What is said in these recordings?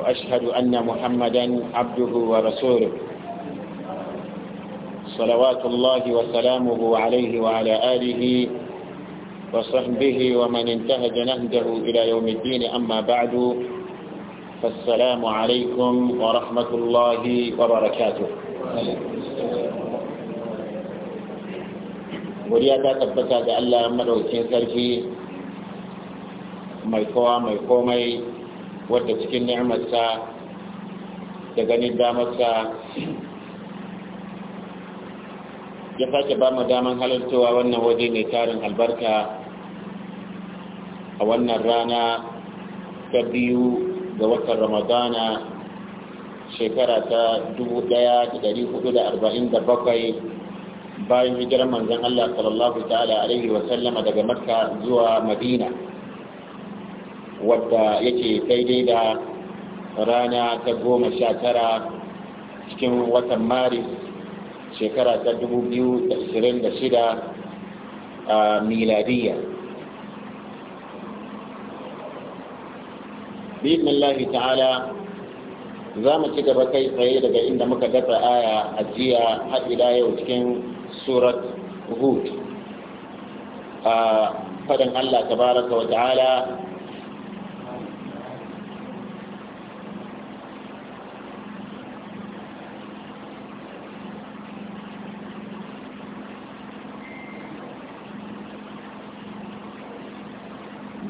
وأشهد أن محمدا عبده ورسوله صلوات الله وسلامه عليه وعلى آله وصحبه ومن انتهج نهجه إلى يوم الدين أما بعد فالسلام عليكم ورحمة الله وبركاته godiya تبتا tabbata مدعو تنسل في sarki mai wadda cikin ni'amarsa da ganin damarsa ya sake ba mu daman halittowa wannan waje mai tarin albarka a wannan rana ta biyu ga watan ramadana shekara ta 1447 bayan hijirar manzon Allah sallallahu ta'ala alaihi wa daga Makka zuwa Madina wadda yake daidai da rana ta goma sha tara cikin watan maris shekara ta dubu biyu da ashirin da shida a miladiya bismillahi ta'ala za mu ci gaba kai tsaye daga inda muka dafa aya a jiya har yau cikin surat hud a fadin allah tabaraka wa ta'ala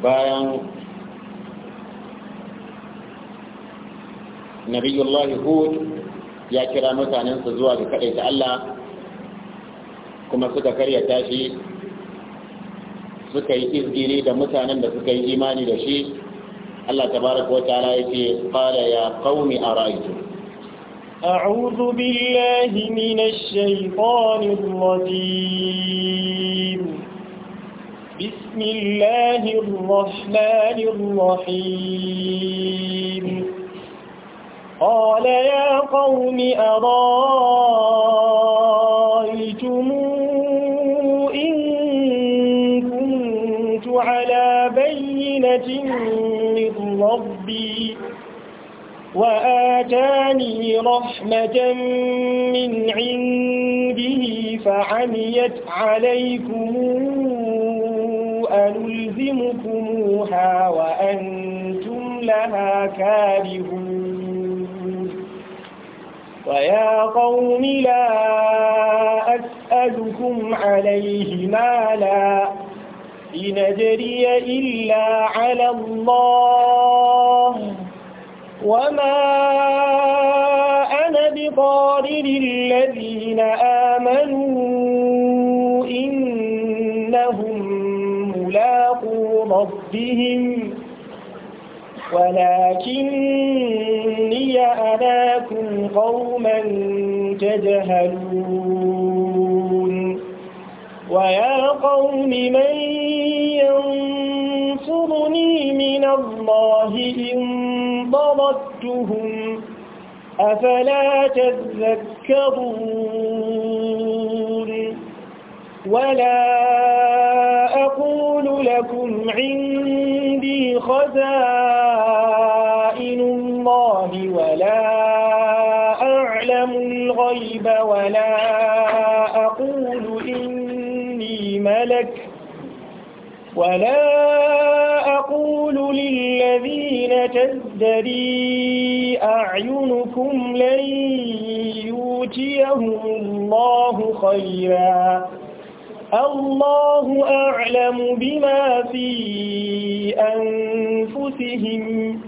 bayan nabiyullahi hud ya kira mutanensa zuwa ga ta Allah kuma suka karyata shi suka yi izgiri da mutanen da suka yi imani da shi Allah tabaraka wa ta'ala yake qala ya a ara'aytum a'udhu billahi minash shaitanir rajim بسم الله الرحمن الرحيم قال يا قوم أرأيتم إن كنت على بينة من ربي وآتاني رحمة من عنده فعميت عليكم يلهمكموها وأنتم لها كارهون ويا قوم لا أسألكم عليه مالا إن أجري إلا على الله وما أنا بطارد الذين آمنوا ملاقو ربهم ولكني أراكم قوما تجهلون ويا قوم من ينصرني من الله إن ضربتهم أفلا تذكرون ولا أقول لكم عندي خزائن الله ولا أعلم الغيب ولا أقول إني ملك ولا أقول للذين تزدري أعينكم لن يؤتيهم الله خيرا الله أعلم بما في أنفسهم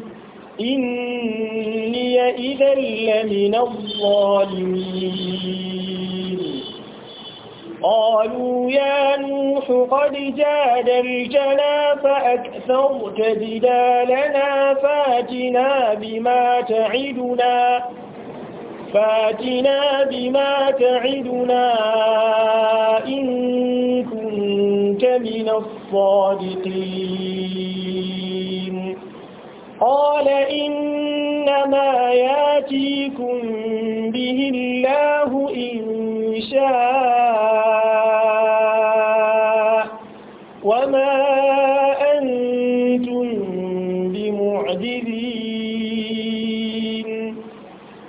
إني إذا لمن الظالمين قالوا يا نوح قد جاد جادلتنا فأكثرت جدالنا فاتنا بما تعدنا فاتنا بما تعدنا إن من الصادقين قال إنما ياتيكم به الله إن شاء وما أنتم بمعدلين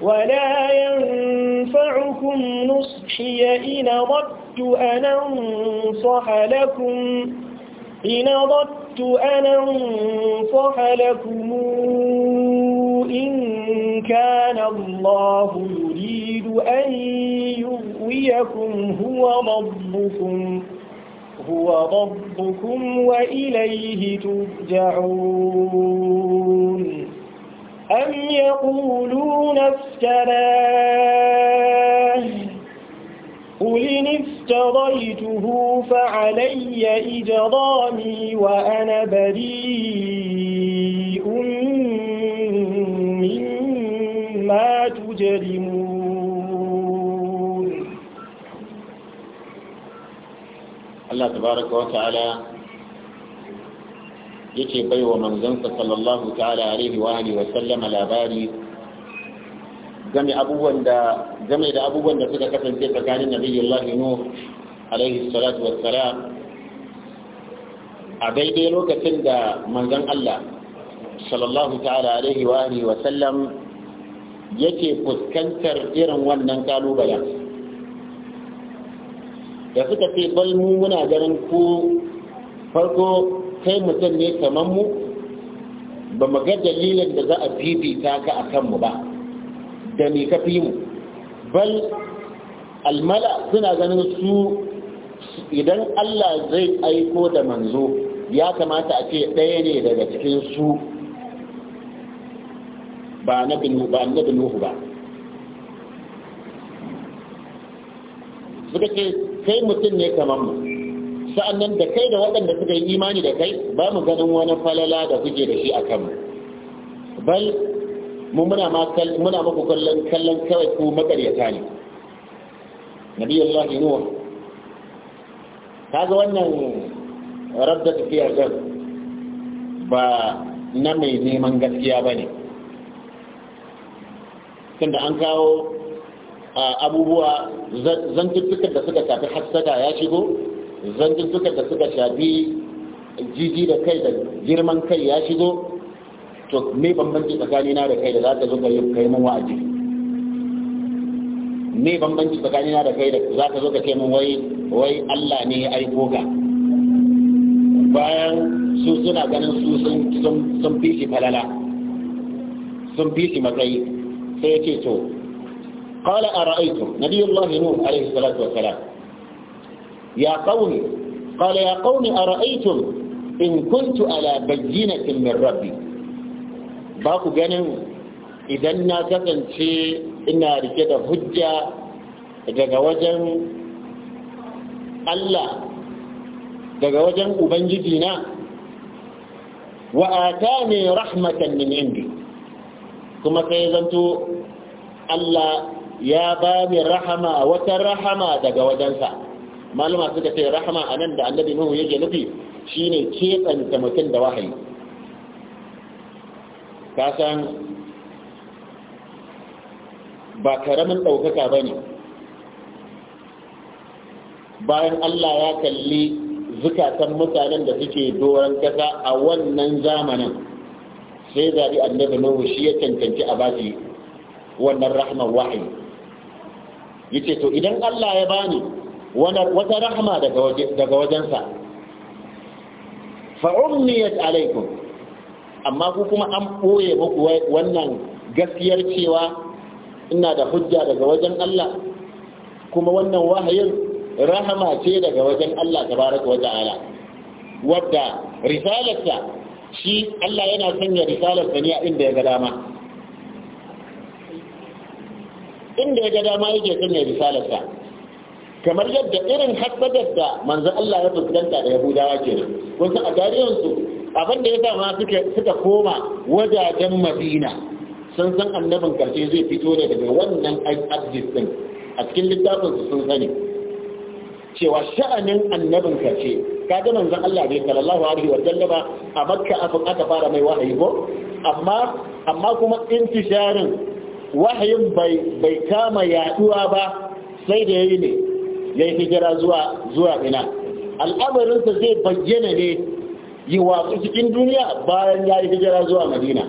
ولا ينفعكم نصحي إن ربكم أن أنصح لكم إن أردت أن أنصح لكم إن كان الله يريد أن يغويكم هو ربكم هو ربكم وإليه ترجعون أم يقولون افتراه قل إن افتضيته فعلي إجرامي وأنا بريء مما تجرمون الله تبارك وتعالى يتبعي ومنزنك صلى الله تعالى عليه وآله وسلم لا باري game abubuwan da game da abubuwan da suka kasance tsakanin nabiyullahi nuh alaihi salatu wassalam a daidai lokacin da manzon Allah sallallahu ta'ala alaihi wa alihi wa sallam yake fuskantar irin wannan kalubalen da suka ce bal mu muna ganin ku farko kai mutum ne kamar mu ba mu ga dalilin da za a bibita ka a kanmu ba da mai ka fi mu bal almala suna ganin su idan Allah zai aiko da manzo ya kamata a ce ɗaya ne daga cikin su ba na binuhu ba suka ce kai mutum ne kamar mu sa'annan da kai da waɗanda suka yi imani da kai ba mu ganin wani falala da kuke da shi a kanmu bal mu muna ma muna muku kallon kallon kawai ko makaryata ne nabiyullahi nuh kaga wannan radda tafiya zan ba na mai neman gaskiya ba ne tunda an kawo abubuwa zantuttukan da suka shafi hassaka ya shigo zantuttukan da suka shafi jiji da kai da girman kai ya shigo to me bambanci tsakanina da kai da za ka zo ka yi kai mun wa'azi me bambanci tsakanina da kai da za ka zo ka ce mun wai wai Allah ne ya aiko ka bayan su suna ganin su sun sun fi shi falala sun fi shi matsayi sai ya ce to قال أرأيتم نبي الله نوح عليه الصلاة والسلام يا قوم قال يا قوم أرأيتم إن كنت على بينة من ربي ba ku ganin idan na kasance ina rike da hujja daga wajen Allah daga wajen Ubangiji na wa'ata ne rahmatan min indi kuma sai zanto Allah ya ba ni rahama wata rahama daga wajensa malama suka ce rahama nan da annabi Nuhu yake nufi shine keɓanta mutum da wahayi kasan ba karamin ɗaukaka ba ne bayan allah ya kalli zukatan mutanen da suke doron kasa a wannan zamanin sai zaɓi annabi nuhu shi ya cancanci a basi wannan rahman wahayi ya ce to idan allah ya bani wata rahma daga wajensa fa'umniyat alaikum amma ku kuma an ɓoye muku wannan gaskiyar cewa ina da hujja daga wajen Allah kuma wannan wahayin rahama ce daga wajen Allah tabaraka wa ta'ala wadda risalarsa shi Allah yana sanya risalarsa ne a inda ya ga dama inda ya ga dama yake sanya risalarsa kamar yadda irin hasadar da manzan Allah ya fuskanta da Yahudawa kenan wasu a tarihin su abin da ya sa ma suka koma wajajen Madina sun san annabin karshe zai fito ne daga wannan ajis din a cikin littafin su sun sani cewa sha'anin annabin karshe kaga manzan Allah bai sallallahu alaihi wa sallama a Makka aka fara mai wahayi ko amma amma kuma intisharin wahayin bai bai kama yaduwa ba sai da yayi ne ya yi hijira zuwa zuwa ina sa zai bayyana ne yi watsu cikin duniya bayan ya yi hijira zuwa madina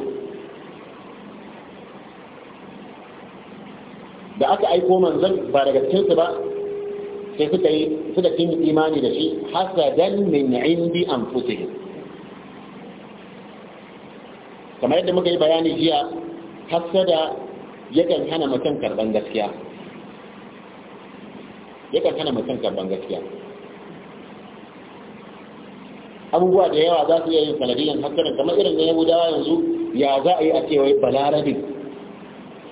da aka aiko manzon ba daga cikinsu ba sai suka yi suka kin imani da shi hasadan min indi anfusihim kamar yadda muka yi bayani jiya hasada yakan hana mutum karban gaskiya yakan hana mutum karban gaskiya abubuwa da yawa za su iya yin sanadiyan hasarin kamar irin na yahudawa yanzu ya za a yi a cewa balarabin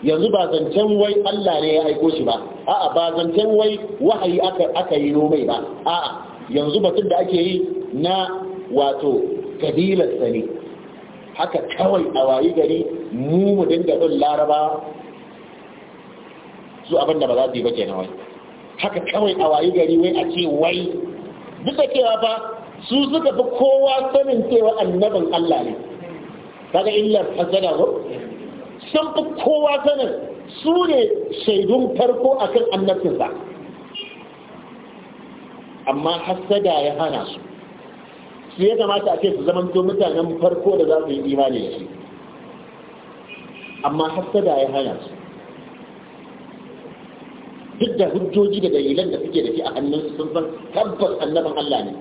yanzu ba zancen wai allah ne ya aiko shi ba a'a ba zancen wai wahayi aka yi nomai ba a'a yanzu batun da ake yi na wato kabilar Sani, haka kawai a wayi gari mu mu dinga bin laraba su abinda ba za su yi ba kenan wai haka kawai a wayi gari wai a ce wai duk da cewa fa su suka fi kowa sanin cewa annabin Allah ne kaga illar hasada ko sun fi kowa sanin su ne shaidun farko akan annabinsa amma hasada ya hana su su ya kamata a ce su zaman to mutanen farko da za su yi imani da shi amma hasada ya hana su duk da hujjoji da dalilan da suke da shi a hannunsu sun san tabbas annabin Allah ne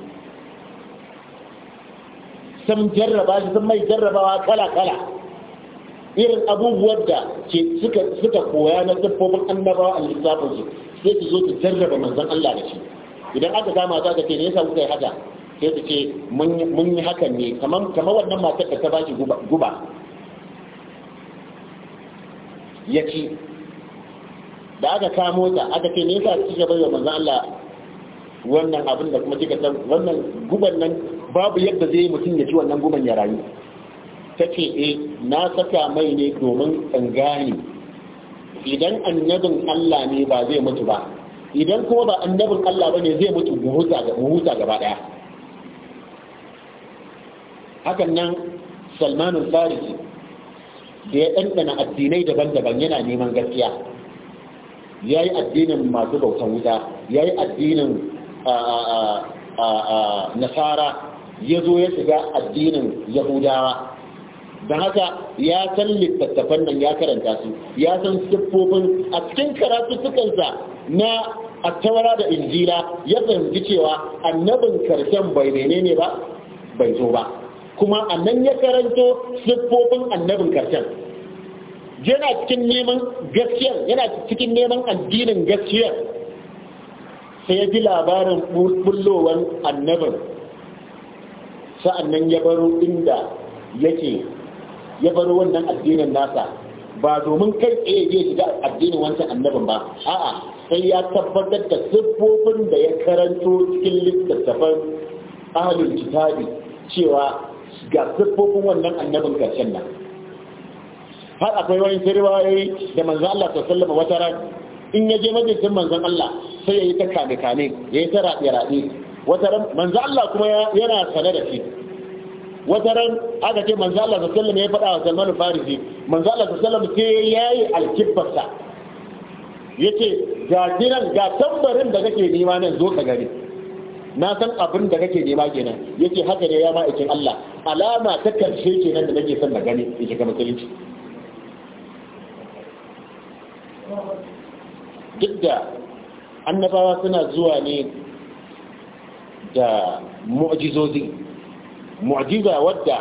sun jarraba shi sun mai jarrabawa kala-kala irin abubuwan da ke suka koya na siffofin annabawa a lissafin su sai su zo su jarraba manzon Allah da shi idan aka gama za ka ce ne yasa kuka yi haka sai su ce mun yi hakan ne kamar wannan matar da ta ba shi guba ya ci da aka kamo ta aka ce me yasa kika bai wa manzon Allah wannan abin da kuma kika san wannan guban nan babu yadda zai yi mutum ya ci wannan guban ya rayu ta ce eh na saka mai ne domin in gane idan annabin Allah ne ba zai mutu ba idan kuma ba annabin Allah bane zai mutu buhuta gaba daya hakan nan Salmanul Farisi da ya ɗanɗana addinai daban-daban yana neman gaskiya ya yi addinin masu bautan wuta ya yi addinin nasara ya zo ya shiga addinin yahudawa don haka ya san littattafan nan ya karanta su ya san siffofin a cikin karatu karatuttukansa na attawara da injila ya fahimci cewa annabin karshen bai menene ba bai zo ba kuma annan ya karanto siffofin annabin karshen yana cikin neman gaskiyar yana cikin neman addinin gaskiyar sai ya ji labarin bullowar annabin sa'annan ya baro inda yake ya baro wannan addinin nasa ba domin kai tsaye zai shiga addinin wancan annabin ba a'a sai ya tabbatar da siffofin da ya karanto cikin littattafan ahalin kitabi cewa ga siffofin wannan annabin karshen nan har akwai wani sirwayoyi da manzon Allah ta sallama wata ran in ya je majalisin manzon Allah sai ya yi ta kame kame ya yi ta raɗe raɗe wata ran manzon Allah kuma yana sane da shi wata ran aka ce manzon Allah ta sallama ya faɗa wa Salman Farisi manzon Allah ta sallama sai ya yi alkibbarsa ya ce ga jiran ga tambarin da kake nema nan zo ka gani na san abin da kake nema kenan yace haka ne ya ma'aikin Allah alama ta karshe kenan da nake son na gani yake ga musulunci duk da annabawa suna zuwa ne da mu'ajizozi mu'ajiza wadda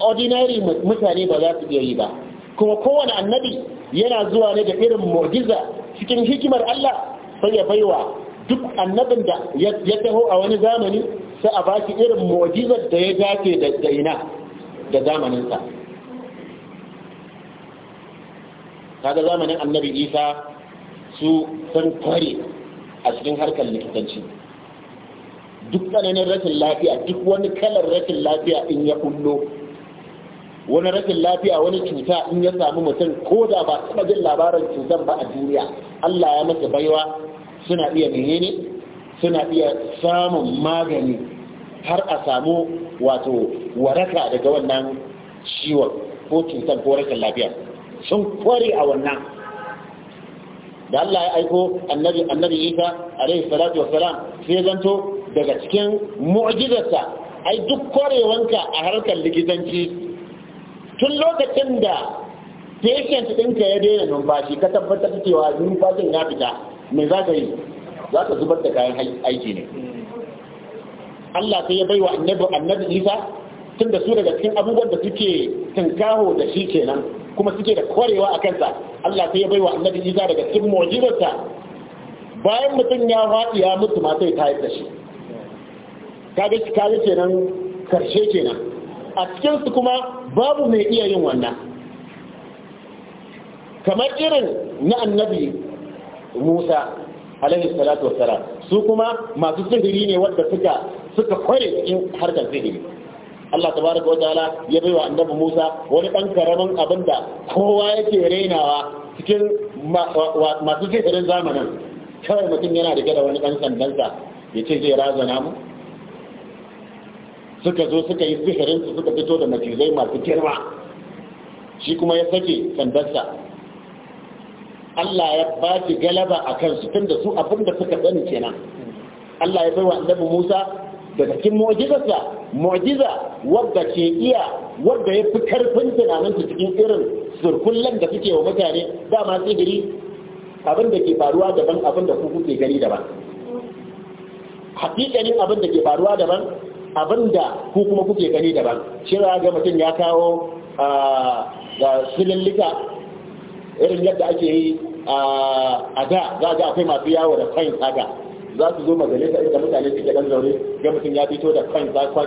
ordinary mutane ba za su iya yi ba kuma kowane annabi yana zuwa ne da irin mu'ajiza cikin hikimar Allah sai ya baiwa duk annabin da ya taho a wani zamani sai a baki irin mu'ajizar da ya dace da ina da zamaninsa kaga zamanin annabi isa su sun kware a cikin harkar likitanci duk tsananin rashin lafiya duk wani kalar rashin lafiya in ya kullo wani rashin lafiya wani cuta in ya samu mutum ko da ba taɓa jin labarin cutar ba a duniya allah ya masa baiwa suna iya menene suna iya samun magani har a samu wato waraka daga wannan ciwon ko cutar ko rashin lafiya sun kware a wannan da Allah ya aiko annabi annabi Isa alaihi salatu wassalam sai zanto daga cikin mu'jizarsa ai duk kwarewanka a harkar likitanci tun lokacin da patient ɗinka ya daina numfashi ka tabbatar cewa numfashin ya fita me za ka yi za ka zubar da kayan aiki ne Allah sai ya bai wa annabi Isa tun da su daga cikin abubuwan da suke tunkaho da shi kenan kuma suke da kwarewa a kansa Allah sai ya bai wa annabi Isa daga cikin mu'jizarsa bayan mutum ya faɗi ya mutu ma sai tayar da shi kaga kaga kenan karshe kenan a cikin su kuma babu mai iya yin wannan kamar irin na annabi Musa alaihi salatu wassalam su kuma masu sihiri ne wanda suka suka kware cikin harkar sihiri Allah tabaraka wa ta'ala ya bai wa annabi Musa wani dan karaman abin da kowa yake rainawa cikin masu sihirin zamanin kawai mutum yana rike da wani dan sandansa ya ce zai razana mu suka zo suka yi su suka fito da majizai masu girma shi kuma ya sake sandansa Allah ya ba shi galaba a kansu tun da su abin da suka sani kenan Allah ya bai wa annabi Musa da cikin mu'jizarsa mu'jiza wadda ke iya wadda ya fi karfin tunanin su cikin irin surkullan da suke wa mutane dama sigiri abin da ke faruwa daban abin da ku kuke gani daban hakikanin abin da ke faruwa daban abin da ku kuma kuke gani daban shirya ga mutum ya kawo ga silillika irin yadda ake yi a da za ga akwai masu yawo da fain haka za su zo magane ta inda mutane suke dan zaune ga mutum ya fito da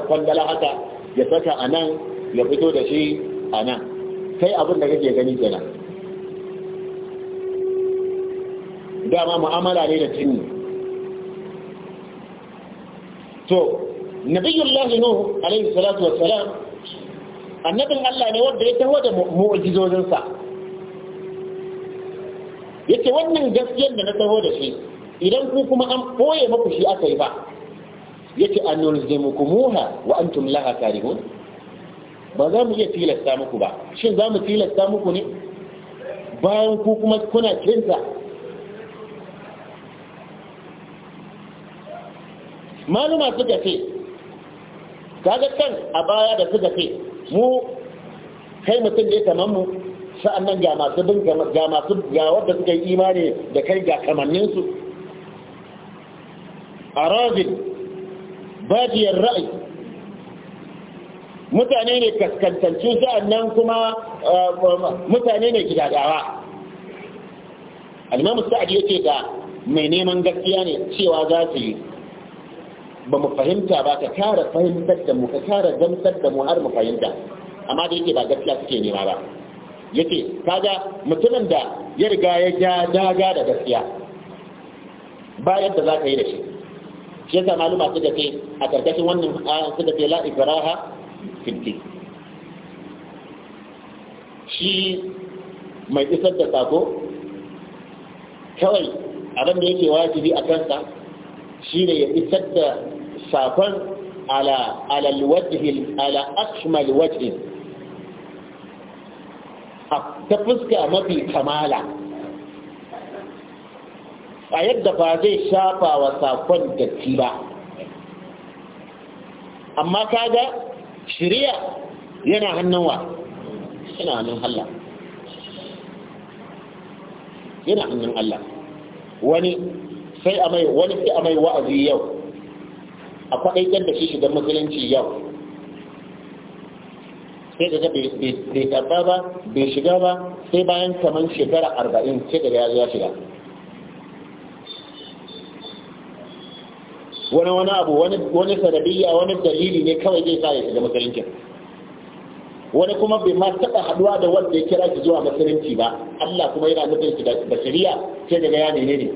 kwandala haka ya saka a nan ya fito da shi a nan kai abin da kake gani kenan dama mu'amala ne da jinni to nabiyullah nuhu alayhi salatu wassalam annabin Allah ne wanda ya taho da mu'jizozinsa yake wannan gaskiyar da na taho da shi idan ku kuma an koye maku shi aka yi ba yake an nulzimukumuha wa antum laha karihun ba za mu iya tilasta muku ba shin za mu tilasta muku ne bayan ku kuma kuna kinsa maluma suka ce kaga kan a baya da suka ce mu kai mutum da ya kaman mu nan ga masu bin ga masu ga wadda suka yi imani da kai ga kamanninsu arazin bajiyar ra'ayi mutane ne kaskantattu nan kuma mutane ne gidagawa. alimamu sa'ad yake da mai neman gaskiya ne cewa za su yi ba mu fahimta ba ka kara fahimtar da mu ka kara gamsar da mu har mu fahimta amma da yake ba gaskiya suke nema ba yake kaga mutumin da ya riga ya ja daga da gaskiya bayan da za ka yi da shi shi yasa maluma suka ce a karkashin wannan ayan suka ce la ikraha shi mai isar da sako kawai abin da yake wajibi a kansa ne ya isar da sakon ala ala alwajhi ta fuska mafi kamala a yadda ba zai shafa wa sakon datti ba amma kaga shirya yana hannun wa yana hannun Allah yana hannun Allah wani sai a mai wani sai a mai wa'azi yau a kwaɗaitar da shi shiga musulunci yau sai da bai karɓa ba bai shiga ba sai bayan kamar shekara arba'in sai da ya shiga wani wani abu wani sanadiyya wani dalili ne kawai zai sa ya shiga musulunci wani kuma bai ma taɓa haɗuwa da wanda ya kira shi zuwa musulunci ba Allah kuma yana nufin shi da shari'a sai daga ya nene ne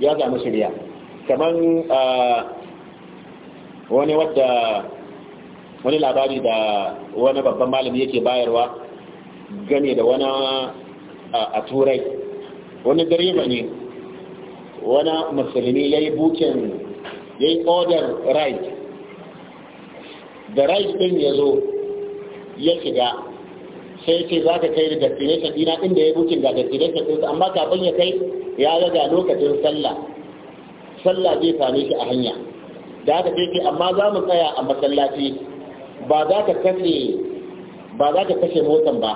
ya samu shari'a kamar wani wadda wani labari da wani babban malami yake bayarwa gane da wani a turai wani direba ne wani musulmi ya yi bukin ya yi kodar right da right ɗin ya zo ya shiga sai ce za ka kai da destination dina inda ya bukin ga destination ɗinsa amma kafin ya kai ya raga lokacin sallah sallah zai same shi a hanya da aka sai ce amma za mu tsaya a masallaci ba za ka kashe ba za ka kashe motan ba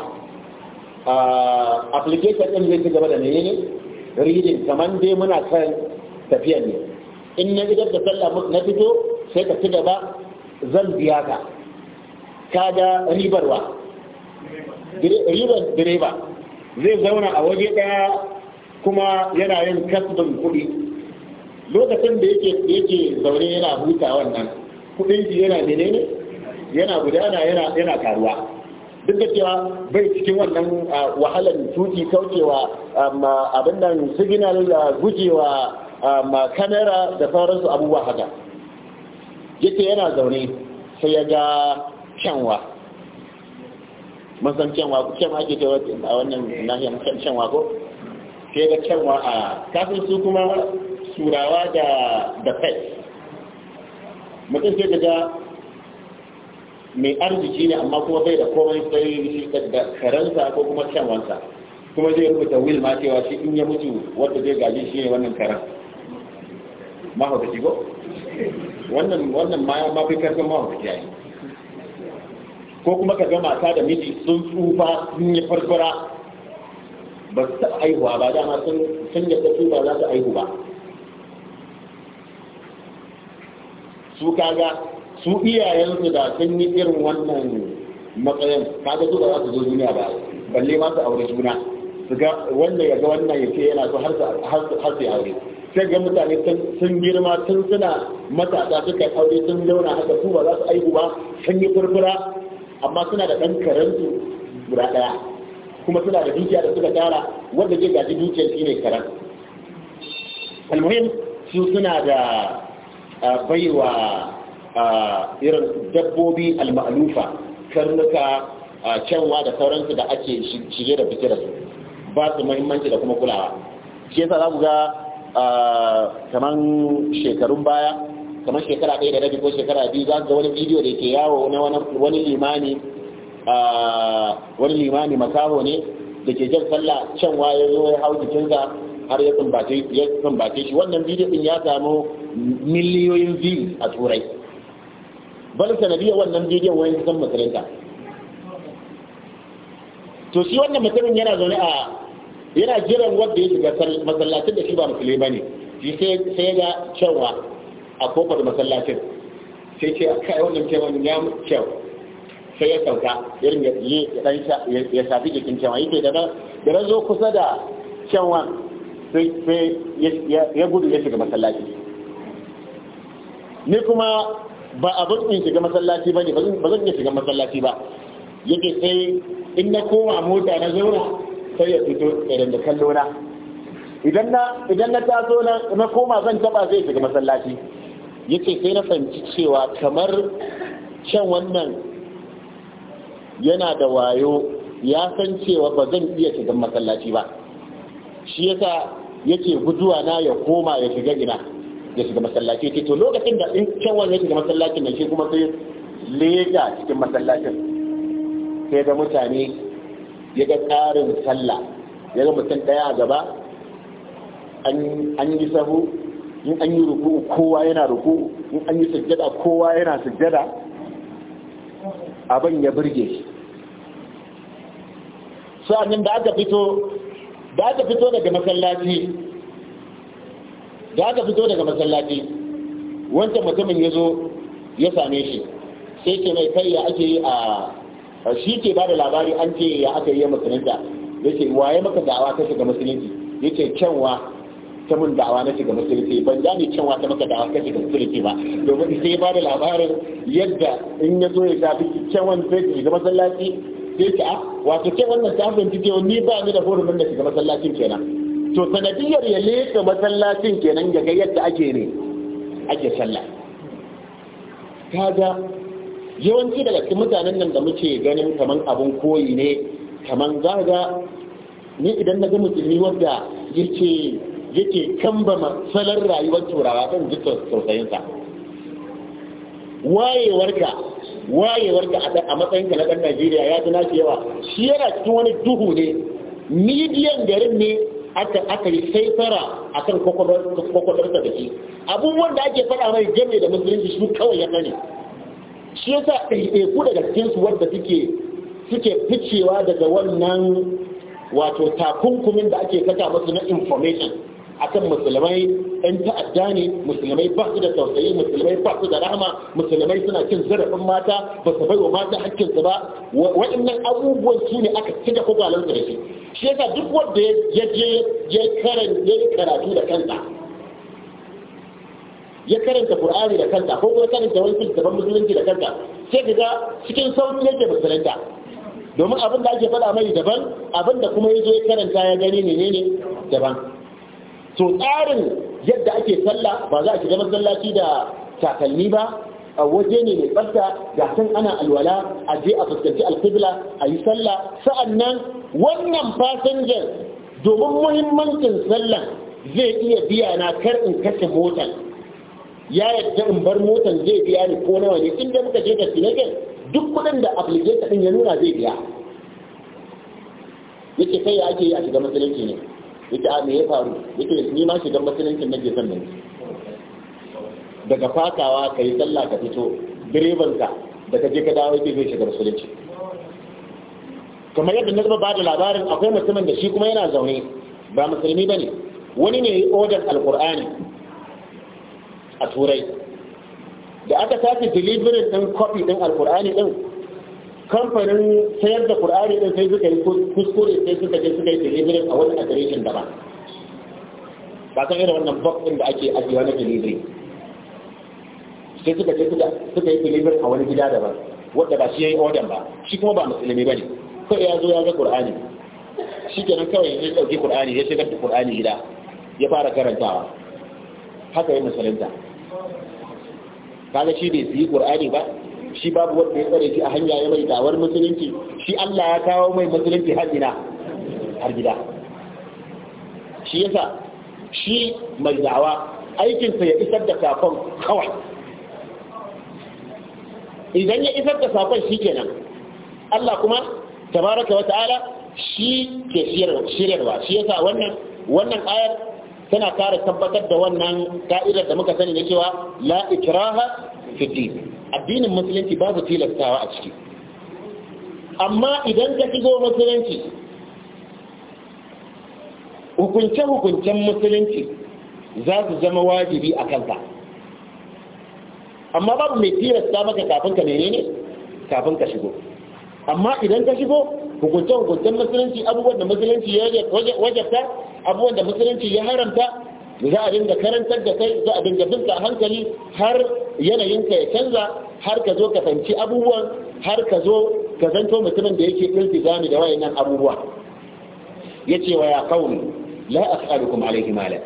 application ɗin zai ci gaba da ne reading kamar dai muna kan tafiya ne in na idar da sallah na fito sai ka ci gaba zan biya ka kada ribarwa ribar direba zai zauna a waje ɗaya kuma yana yin kasbin kuɗi lokacin da yake yake zaune yana huta wannan kuɗin shi yana menene yana gudana yana yana karuwa duk da cewa bai cikin wannan ah, wahalar tuki kaucewa um, ah, abin nan signal ah, gujewa amma kamera da sauransu abubuwa haka yake yana zaune sai ya ga kyanwa masan kyanwa kyanwa ake ta a wannan nahiyar kyanwa ko sai ga kyanwa a kafin su kuma turawa da da fai mutum sai ga mai arziki ne amma kuma bai da komai sai da karansa ko kuma kyanwansa kuma zai rubuta wil ma cewa shi in ya mutu wadda zai gaji shi ne wannan karan mahaukaci ko wannan wannan ma karfin mahaukaci yayi ko kuma ka gama ta da miji sun tsufa sun yi farfara ba su taɓa aihuwa ba dama sun sun yadda tsufa ba za su aihu ba su kaga su iyayensu da sun yi irin wannan matsayin kaga su ba za su zo duniya ba balle ma su aure juna su ga wanda ya ga wannan ya ce yana so har su aure sai ga mutane sun girma sun suna matasa suka aure sun zauna haka su ba za su aihu ba sun yi furfura amma suna da ɗan karantu guda ɗaya kuma suna da dukiya da suka tara wanda ke gaji dukiyar shi ne karan almuhim su suna da baiwa irin dabbobi alma'alufa karnuka kyanwa da sauransu da ake shige da fitar su ba su muhimmanci da kuma kulawa shi yasa za ku ga kaman shekarun baya kamar shekara ɗaya da rabi ko shekara biyu za ga wani bidiyo da ke yawo na wani limani wani limani makaho ne da ke jan sallah can waye zo ya hau jikinsa har ya sumbace shi wannan bidiyo ɗin ya samu miliyoyin biyu a turai bal sanadiyar wannan bidiyon wani san masarauta to shi wannan mutumin yana zaune a yana jiran wanda ya shiga masallacin da shi ba musulmi bane shi sai ga cewa a kofar masallacin sai ce a kai wannan cewan ya mutu sai ya sauka irin ya dan ya shafi jikin cewa yake da da ran zo kusa da cewa sai ya gudu ya shiga masallaci ni kuma ba abun in shiga masallaci ba ne ba zan iya shiga masallaci ba yake sai in na koma mota na zaura sai ya fito irin da kallo na idan na idan na taso na koma zan taba zai shiga masallaci yace sai na fahimci cewa kamar shan wannan yana da wayo ya san cewa ba zan iya shiga masallaci ba shi yasa yake guduwa na ya koma ya shiga ina ya shiga masallaci yace to lokacin da in shan wannan ya shiga masallacin nan shi kuma sai leda cikin masallacin sai da mutane ya ga tsarin sallah ya ga mutum ɗaya gaba an yi sahu in an yi ruku kowa yana ruku in an yi sujjada kowa yana sujjada abin ya birge shi sa'annan da aka fito da aka fito daga masallaci da aka fito daga masallaci wancan mutumin ya zo ya same shi sai ke mai kai ya ake yi a shi ke ba da labari an ce ya aka yi musulunta ya ce waye maka da'awa ka shiga musulunci ya ce kyanwa ta mun da'awa na shiga musulunci ban ja ne kyanwa ta maka da'awa ka shiga musulunci ba domin sai ba da labarin yadda in ya zo ya shafi kyanwan sai shiga masallaci sai ka wato ke wannan ta fahimci cewa ni ba ni da hurumin da shiga masallacin kenan to sanadiyar ya leka masallacin kenan ga yadda ake ne ake sallah kaga yawanci daga cikin mutanen nan da muke ganin kaman abun koyi ne kaman zaga ni idan na ga musulmi wanda yake yake kamba matsalar rayuwar turawa kan ji sosayinsa. wayewarka wayewarka a ka na ɗan najeriya ya fi nashi yawa shi yana cikin wani duhu ne midiyan garin ne aka aka yi saifara a kan kwakwadarsa da shi abubuwan da ake faɗa mai game da musulunci su kawai ya gane shi yasa ɗaiɗaiku daga cikinsu wadda suke ficewa daga wannan wato takunkumin da ake saka masu na information akan musulmai ɗan ta'adda ne musulmai ba su da tausayi musulmai ba su da rahama musulmai suna cin zarafin mata ba su bai wa mata hakkinsu ba waɗannan abubuwan su ne aka cika kwakwalansu da shi shi yasa duk wanda ya je ya karatu da kansa ya karanta qur'ani da kanka ko kuma karanta wani littafin musulunci da kanta, sai ka ga cikin sauki yake musulunta domin abin da ake faɗa mai daban abin da kuma yazo ya karanta ya gani menene daban to tsarin yadda ake sallah ba za a shiga masallaci da takalmi ba a waje ne mai tsafta ga san ana alwala a je a fuskanci alkibla a yi sallah sa'annan wannan fasinjan domin muhimmancin sallah zai iya biya na kar in kashe motar ya yadda in bar motar zai biya ni ko nawa ne inda muka je destination duk kuɗin da application din ya nuna zai biya yake kai ya ake yi a shiga musulunci ne yake a me ya faru yake ni ma shiga musulunci nake son nan daga fatawa ka yi sallah ka fito direban ka da ka je ka dawo yake zai shiga musulunci kamar yadda na zaba ba da labarin akwai mutumin da shi kuma yana zaune ba musulmi ba ne wani ne ya odar alkur'ani a turai da aka tafi delivery ɗin copy ɗin alkur'ani ɗin kamfanin sayar da kur'ani ɗin sai suka yi kuskure sai suka je suka yi delivery a wani adireshin da ba ba san irin wannan box din da ake ajiye wani delivery sai suka je suka yi delivery a wani gida da ba wadda ba shi ya yi order ba shi kuma ba musulmi ba ne kawai ya zo ya ga kur'ani shi kenan kawai ya ɗauki kur'ani ya shigar da kur'ani gida ya fara karantawa haka ya musulunta kaga shi bai su yi ƙur'ani ba shi babu wanda ya tsare shi a hanya ya mai dawar musulunci shi Allah ya kawo mai musulunci har gida har gida shi yasa shi mai dawa aikinsa ya isar da sakon kawai idan ya isar da sakon shi kenan Allah kuma tabaraka wata'ala shi ke shirarwa shi yasa wannan wannan ayar tana kara tabbatar da wannan ka'idar da muka sani ne cewa la ikraha fi din addinin musulunci babu tilastawa a ciki amma idan ka shigo musulunci hukunce-hukuncen musulunci za su zama wajibi a kanka amma babu mai tilasta maka kafin ka menene kafin ka shigo amma idan ka shigo hukuncen hukuncen musulunci abubuwan da musulunci ya wajabta abubuwan da musulunci ya haramta za a dinga karantar da kai za a dinga bin a hankali har yanayinka ya canza har ka zo ka fahimci abubuwan har ka zo ka zanto mutumin da yake iltizami da wayannan abubuwa yace wa ya qauli لا أسألكم عليه مالا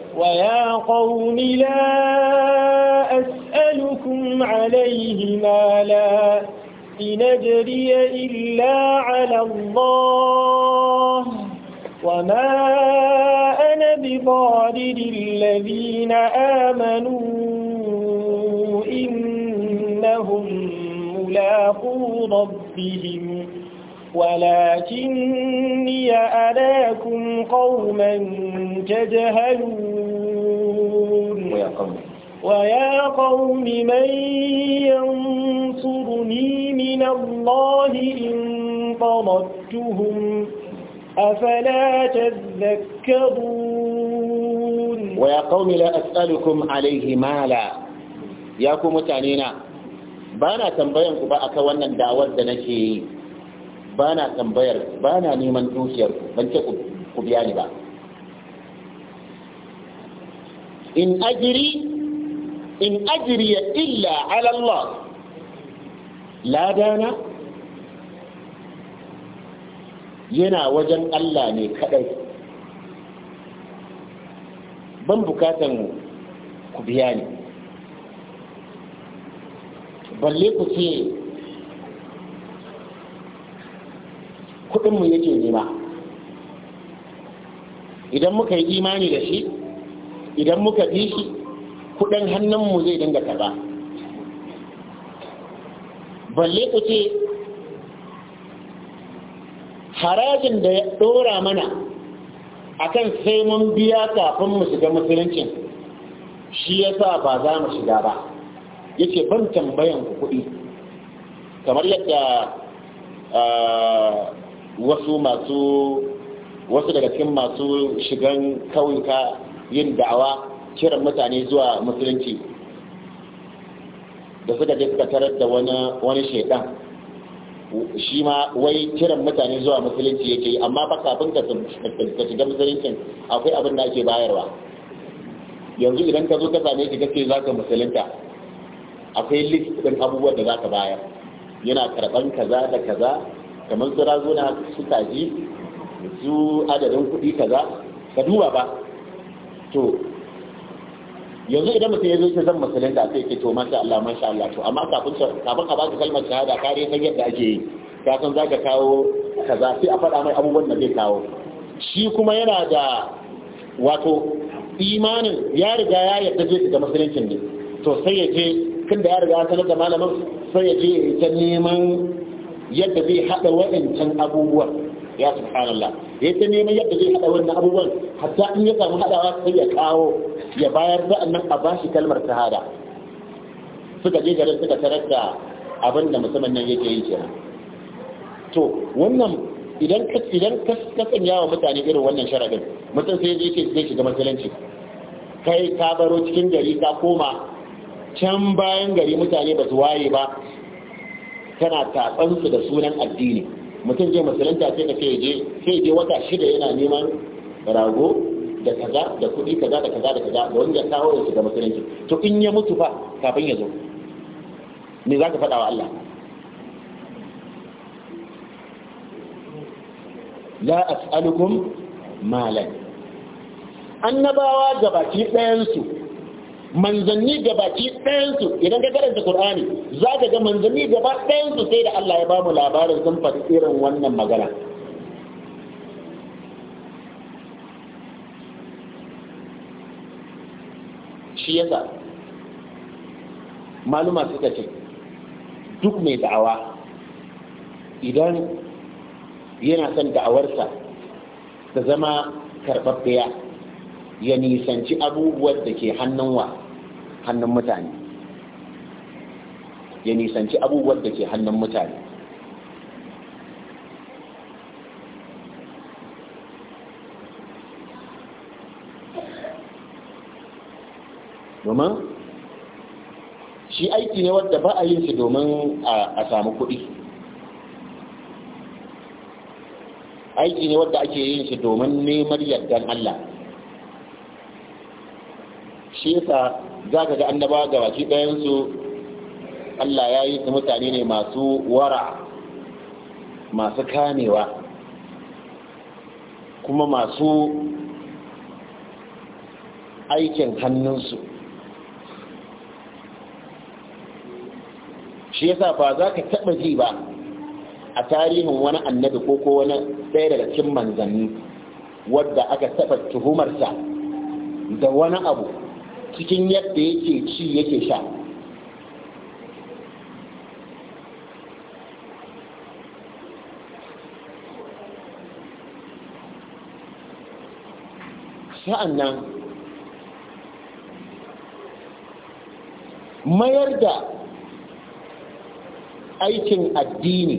kauni la لا أسألكم عليه مالا لنجري إلا على الله وما أنا بضارر الذين آمنوا إنهم ملاقو ربهم ولكني أراكم قوما تجهلون ويا قوم من ينصرني من الله إن طردتهم أفلا تذكرون ويا قوم لا أسألكم عليه مالا يا قوم تانينا بانا تنبينكم بقى كوانا دعوة دنكي بانا تنبير بانا نيمان دوشير بانتكم كبياني بقى in ajiri in ajriya illa ala Allah ladana yana wajen Allah ne kaɗai, ban bukatan ku biya ni balle ku ce kudinmu yake nema idan muka yi imani da shi idan muka bi shi kudin hannunmu zai dinga kaza balle ku ce harajin da ya ɗora mana akan sai mun biya kafin mu shiga musuluncin shi ya sa ba za mu shiga ba yake ban tambayan kuɗi kamar yadda wasu masu wasu daga cikin masu shigan kawunka yin da'awa kiran mutane zuwa musulunci da suka je suka tarar da wani shaidan shi ma wai kiran mutane zuwa musulunci yake amma ba kafin ka shiga musuluncin akwai abin da ake bayarwa yanzu idan ka zo ka same shi kake za ka musulunta akwai list ɗin abubuwan da za ka bayar yana karɓan kaza da kaza kamar su razuna su kaji su adadin kuɗi kaza ka duba ba to yanzu idan mutum ya zo ce zan da aka ke to masha Allah masha Allah to amma kafin kafin a baka kalmar shahada kare san yadda ake yi ka san ka kawo kaza sai a faɗa mai abubuwan da zai kawo shi kuma yana da wato imanin ya riga ya yarda zai shiga musuluncin ne to sai ya je tun da ya riga sanar da malamin sai ya je ta neman yadda zai haɗa waɗancan abubuwan ya subhanallah ya ta neman yadda zai hada wannan abubuwan hatta in ya samu hadawa sai ya kawo ya bayar da annan a bashi kalmar shahada suka je garin suka tarar da abin da musamman nan yake yi kenan to wannan idan ka idan ka sanya wa mutane irin wannan sharadin mutum sai zai ce zai shiga masallaci kai ka baro cikin gari ka koma can bayan gari mutane ba su waye ba tana tatsansu da sunan addini mutum zai musulunta sai ka sai je sai je wata shida yana neman rago da kaza da kuɗi kaza da kaza da kaza da wanda kawo ya shiga musulunci to in ya mutu fa kafin ya zo me za ka faɗa wa Allah la as'alukum malan annabawa gabaki ɗayansu manzanni gabaki ɗayansu idan ka karanta Qur'ani za ka ga manzanni gaba ɗayansu sai da Allah ya ba mu labarin sun faɗi irin wannan magana shi yasa maluma suka ce duk mai da'awa idan yana son da'awarsa ta zama karɓaɓɓiya ya nisanci abubuwan da ke hannun wa hannun mutane ya nisanci abubuwan da ke hannun mutane domin shi aiki ne wadda ba a yin su domin a samu kuɗi aiki ne wadda ake yin shi domin neman yardar Allah shi yasa za ka ga annaba ga baki ɗayansu Allah ya yi su mutane ne masu wara masu kamewa kuma masu aikin hannunsu shi yasa ba za ka taɓa ji ba a tarihin wani annabi ko ko wani ɗaya daga cikin manzanni wadda aka taɓa tuhumarsa da wani abu cikin yadda yake ci yake sha sa'an nan mayar da aikin addini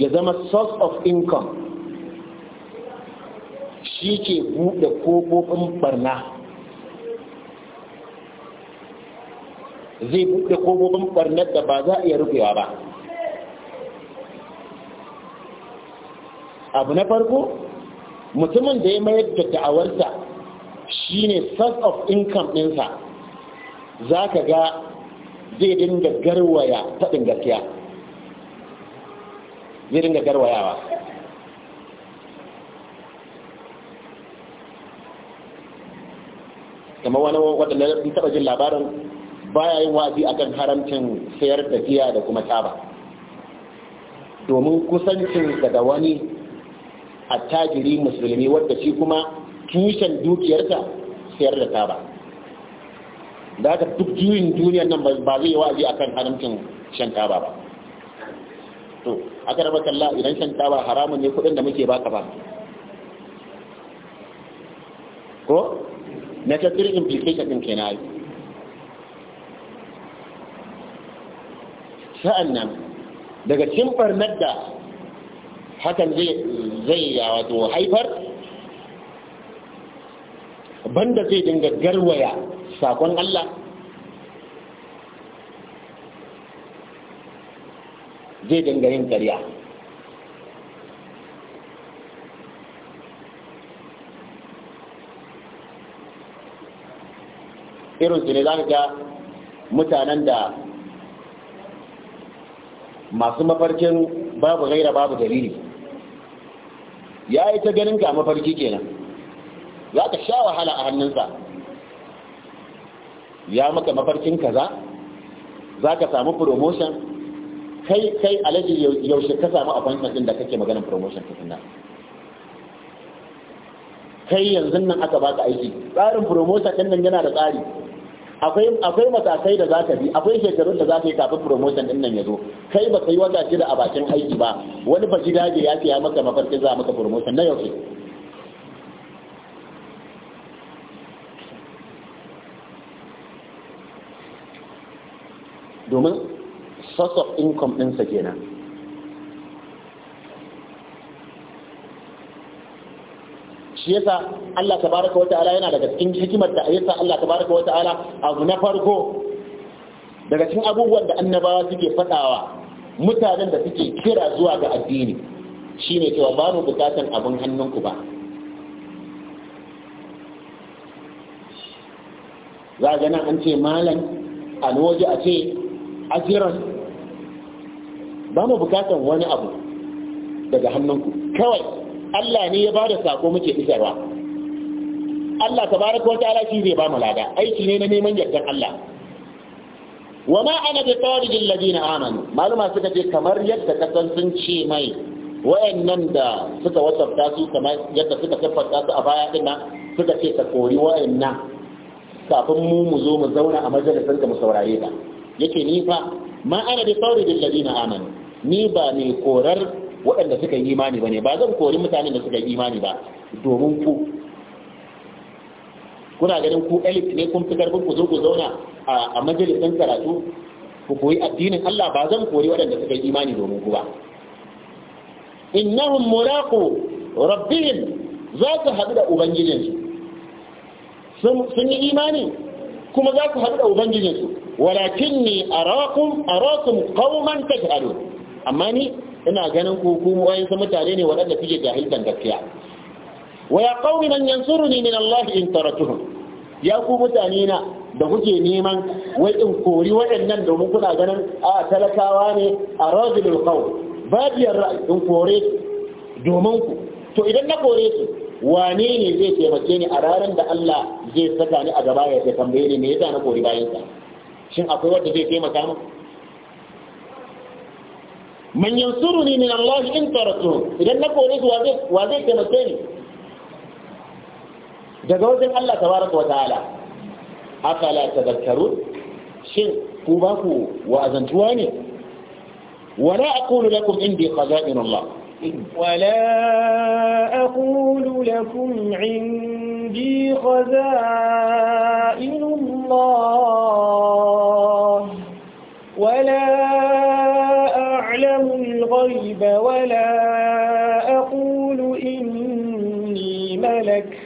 ya zama source of income shi ke buɗe kofofin ɓarna zai buɗe kofofin ɓarnar da ba za a iya rufewa ba abu na farko mutumin da ya mayar da da'awarsa ne source of income ɗinsa za ka ga zai dinga garwaya faɗin gaskiya zai dinga garwayawa kamar wani waɗanda taɓa jin labarin baya yin wa'azi akan haramcin sayar da giya da kuma taba domin kusancin daga wani attajiri musulmi wadda shi kuma tushen dukiyarta sayar da taba da aka duk juyin duniyar nan ba zai yi wa'azi akan haramcin shan taba ba to aka raba kalla idan shan taba haramun ne kudin da muke baka ba ko na ta tsirin implication din kenan sa'an nan, daga cikin farnar da hakan zai ya wato haifar banda zai dinga garwaya sakon Allah zai dinga yin irin irinsu ne za ga mutanen da masu mafarkin babu gaira babu dalili ya yi ta ganin ka mafarki kenan za ka sha wahala a hannunsa ya maka mafarkin kaza za ka samu promotion kai kai alaji yaushe ka samu appointment din da kake maganin promotion tukuna kai yanzu nan aka baka aiki tsarin promotion din nan yana da tsari akwai akwai matakai da zaka bi akwai shekarun da zaka yi kafin promotion din nan ya zo kai ba kai wata shida a bakin aiki ba wani ba gida ya ce ya maka mafarkin za maka promotion na yaushe domin source of income ɗinsa kenan shi yasa Allah tabaraka wa ta'ala yana daga cikin hikimar da yasa Allah tabaraka wa ta'ala abu na farko daga cikin abubuwan da annabawa suke fadawa mutanen da suke kira zuwa ga addini shine cewa ba mu bukatan abin hannunku ba za ga nan an ce malam a waje a ce ajiran ba mu bukatan wani abu daga hannunku kawai Allah ne ya ba da sako muke isarwa Allah tabaraka wa ta'ala shi zai ba mu lada aiki ne na neman yardan Allah wa ma ana bi tarijil ladina amanu maluma suka ce kamar yadda kasan sun ce mai wayannan da suka wasafta su kamar yadda suka tabbata su a baya din suka ce ka kori wayannan kafin mu mu zo mu zauna a majalisar da mu saurare ka yake ni fa ma ana bi tarijil ladina amanu ni ba mai korar waɗanda suka yi imani ba ne ba zan kori mutanen da suka yi imani ba domin ku kuna ganin ku elit ne kun fi karfin ku zo ku zauna a majalisan karatu ku koyi addinin Allah ba zan kori waɗanda suka yi imani domin ku ba innahum muraqu rabbihim za su haɗu da ubangijinsu sun yi imani kuma za su haɗu da ubangijinsu walakin ni arakum arakum qauman tajhalun amma ni ina ganin ku ku su mutane ne waɗanda suke jahiltan gaskiya wa ya qaumi man yansuruni min Allah in taratuhum ya ku mutane na da kuke neman wai in kori waɗannan domin kuna ganin a talakawa ne a rajulul qaum badiyar ra'ayi in kore domin ku to idan na kore su wane ne zai taimake ni a ranar da Allah zai saka ni a gaba ya tambaye ni me yasa na kori bayan sa shin akwai wanda zai taimaka mu من ينصرني من الله إن تركته إذا نكو ريس واضح واضح كمتين جزوز الله تبارك وتعالى أفلا تذكرون شيء قبه وأذنتواني ولا أقول لكم عندي خزائن الله ولا أقول لكم عندي خزائن الله ولا أعلم الغيب ولا أقول إني ملك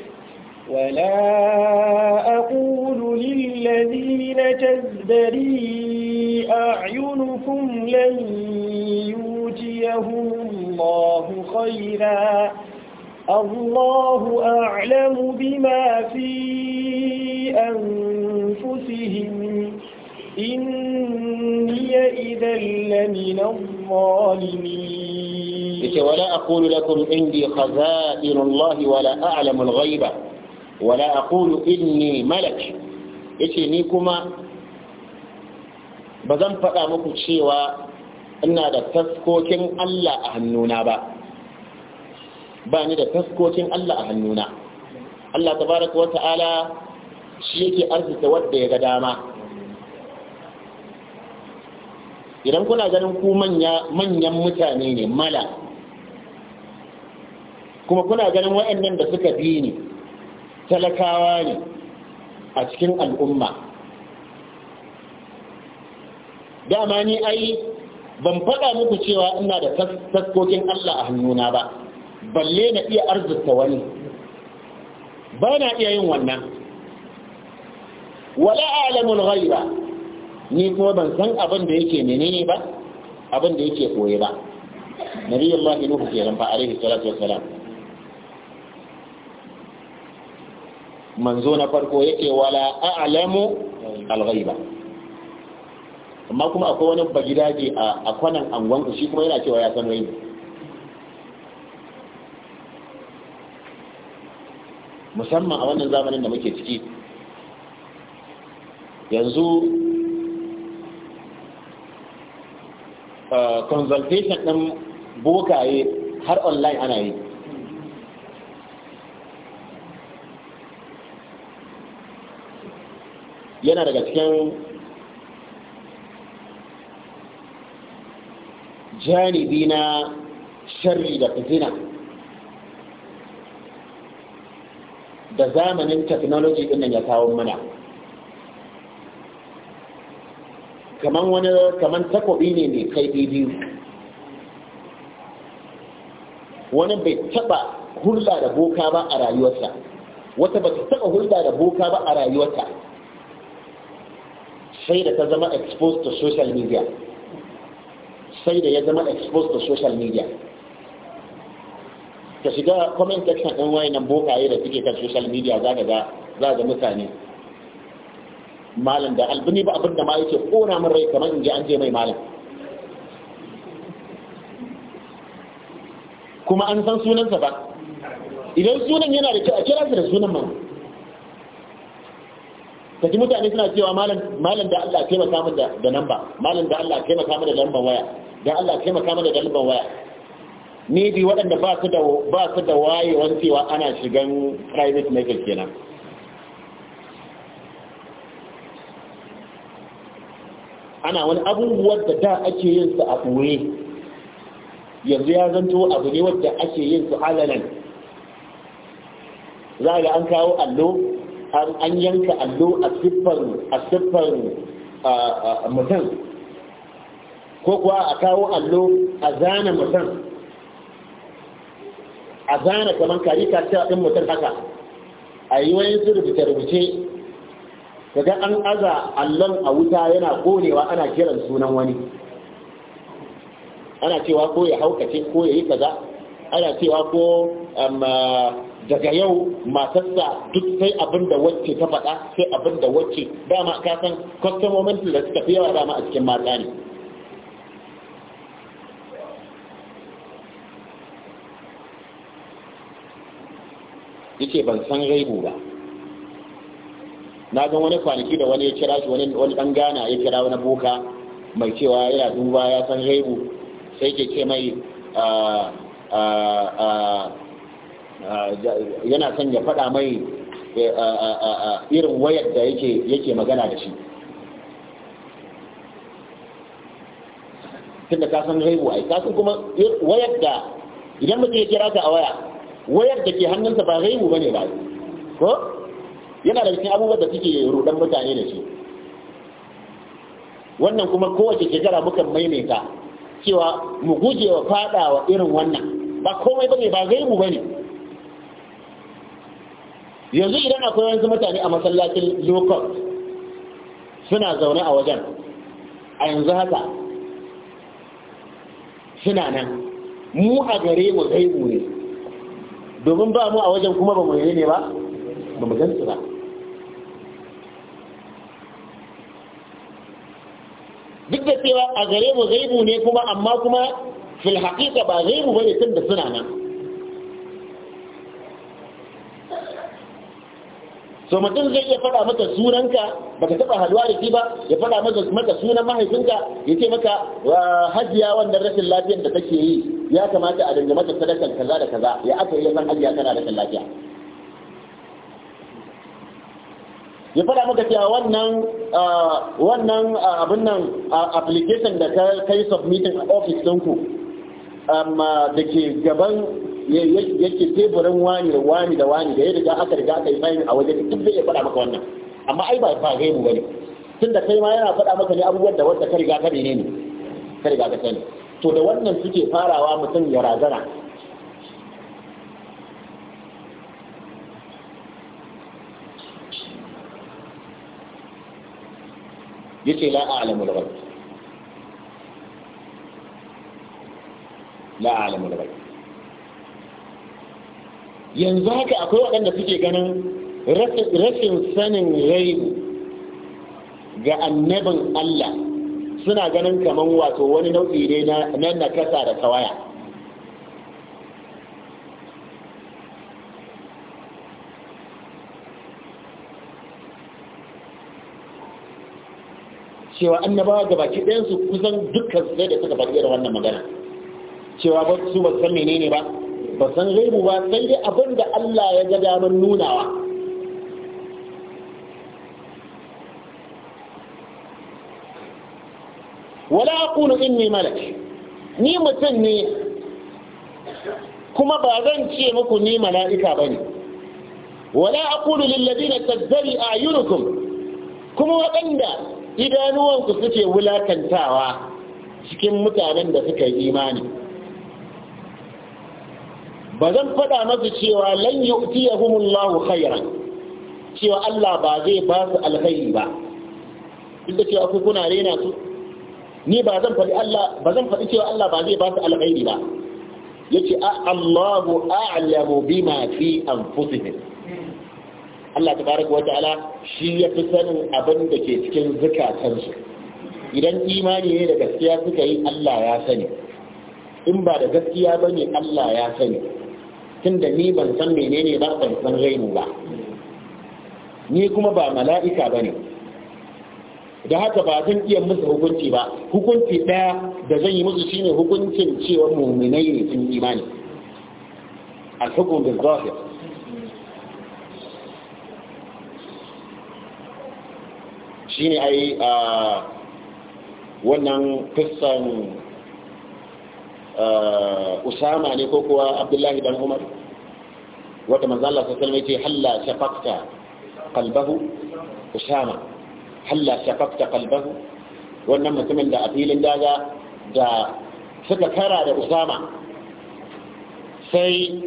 ولا أقول للذين تزدري أعينكم لن يؤتيهم الله خيرا الله أعلم بما في أنفسهم إني إذا لمن الظالمين الظالمين يتي ولا أقول لكم عندي خزائن الله ولا أعلم الغيبة ولا أقول إني ملك يتي نيكما بزن فقا مكو تشيوا إنا دا تسكوكين ألا أهنونا با باني دا تسكوكين ألا أهنونا الله تبارك وتعالى shi yake arzika wadda ya ga dama idan kuna ganin ku manyan mutane ne mala kuma kuna ganin waɗannan da suka bi ne talakawa ne a cikin al'umma dama ni ai ban faɗa muku cewa ina da taskokin Allah a hannuna ba balle na iya arzuta wani ba na iya yin wannan wala alamul ghaiba ni kuma ban san abin da yake menene ba abin da yake koye ba nabi Allah nuhu kenan fa alaihi salatu wassalam manzo na farko yake wala a'lamu al ba. amma kuma akwai wani bagidaje a kwanan angon shi kuma yana cewa ya san musamman a wannan zamanin da muke ciki yanzu Uh, consultation ɗin bokaye har online ana yi yana daga cikin janibi na sharri da fitina da zamanin technology ɗin ya kawo mana kaman wani kaman takobi ne mai kaifi biyu wani bai taba hulɗa da boka ba a rayuwarsa wata ba ta taba hulɗa da boka ba a rayuwarsa sai da ta zama exposed to social media sai da ya zama exposed to social media ka shiga comment section ɗin nan bokaye da suke kan social media za ga za ga mutane malam da albini ba abinda ma yake kona min rai kamar in an je mai malam kuma an san sunansa ba idan sunan yana da kyau a kira shi da sunan mana ta ji mutane suna cewa malam da Allah taimaka min da namba malam da Allah taimaka min da lambar waya da Allah taimaka min da lambar waya ne bi waɗanda ba su da ba su da cewa ana shigan private maker kenan ana wani abubuwan da da ake yin su a ɓoye yanzu ya zanto abu ne wadda ake yin su alalan za ga an kawo allo an yanka allo a siffar mutum ko kuwa a kawo allo a zana mutum a zana kamar karika ta ɗin mutum haka a yi wani rubuce-rubuce kaga an aza allon a wuta yana konewa ana kiran sunan wani ana cewa ko ya haukace ko ya yi kaza ana cewa ko um, daga yau matarsa duk sai abin da wacce ta faɗa sai abin da wacce dama ka san kwastomomin da suka fi yawa dama a cikin mata ne yake ban san raibu ba na ga wani kwanaki da wani ya kira shi wani dan gana ya kira wani boka mai cewa yana duba ya san haihu sai ke ce mai ah, ah, ah, yana son ya faɗa mai eh, irin wayar da yake magana da shi tunda ka san haihu ai kasan kuma wayar da idan mutum ya kira ka a waya wayar da ke hannunsa ba ba bane ba ko yana da cikin abubuwan da suke rudan mutane da shi wannan kuma kowace shekara muka maimaita cewa mu guje wa wa irin wannan ba komai bane ba gaibu bane yanzu idan akwai wani mutane a masallacin low suna zaune a wajen a yanzu haka suna nan mu a gare mu gaibu ne domin ba mu a wajen kuma ba mu ne ba ba mu gansu ba duk da cewa a gare mu gaibu ne kuma amma kuma fil haqiqa ba gaibu bane tun da suna nan so mutum zai iya faɗa maka sunanka baka taɓa halwa da shi ba ya faɗa maka sunan mahaifinka ya ce maka wa hajiya wannan rashin lafiyar da take yi ya kamata a dinga mata sadakar kaza da kaza ya aka yi zan hajiya tana rashin lafiya ya faɗa maka cewa wannan wannan abin nan application da ka kai submitting a office ɗinku da ke gaban yake teburin wani da wani da wani da ya riga aka riga aka yi sayin a wajen duk zai iya faɗa maka wannan amma ai ba ba gaibu bane tun da kai ma yana faɗa maka ne abubuwan da wanda ka riga ka ne ka riga ka sani to da wannan suke farawa mutum ya razana yace la a'lamu al ghayb la a'lamu al ghayb yanzu haka akwai waɗanda suke ganin rashin sanin ghaibi ga annabin Allah suna ganin kaman wato wani nau'i ne na nakasa da tawaya cewa annabawa ga baki ɗayansu kusan dukkan su sai da suka faɗi da wannan magana cewa ba su ba san menene ba ba san gaibu ba sai dai abin da Allah ya ga damar nunawa wala aqulu inni malak ni mutum ne kuma ba zan ce muku ni mala'ika bane wala aqulu lil ladina tazdari a'yunukum kuma waɗanda idanuwanku suke wulakantawa cikin mutanen da suka yi imani ba zan faɗa masu cewa lan yu'tiyahumullahu khairan cewa Allah ba zai ba su alkhairi ba duk da cewa ku kuna rena su ni ba zan faɗi Allah ba zan faɗi cewa Allah ba zai ba su alkhairi ba yace a Allahu a'lamu bima fi anfusihim Allah baraka wa ta'ala shi ya fi sanin abin da ke cikin zukatansu idan imani ne da gaskiya suka yi Allah ya sani in ba da gaskiya ba ne Allah ya sani tunda ni ban san menene ba ban san rainu ba ni kuma ba mala'ika ba ne da haka ba zan iya musu hukunci ba hukunci ɗaya da zan yi musu shine hukuncin cewa muminai ne sun imani al hukm bil zahir shi ai a wannan fissan usama ne ko kuwa abdullahi dan umar wata manzala sassan mai ce halla shafakta kalbahu usama halla shafakta kalbahu wannan mutumin da a filin daga da suka kara da usama sai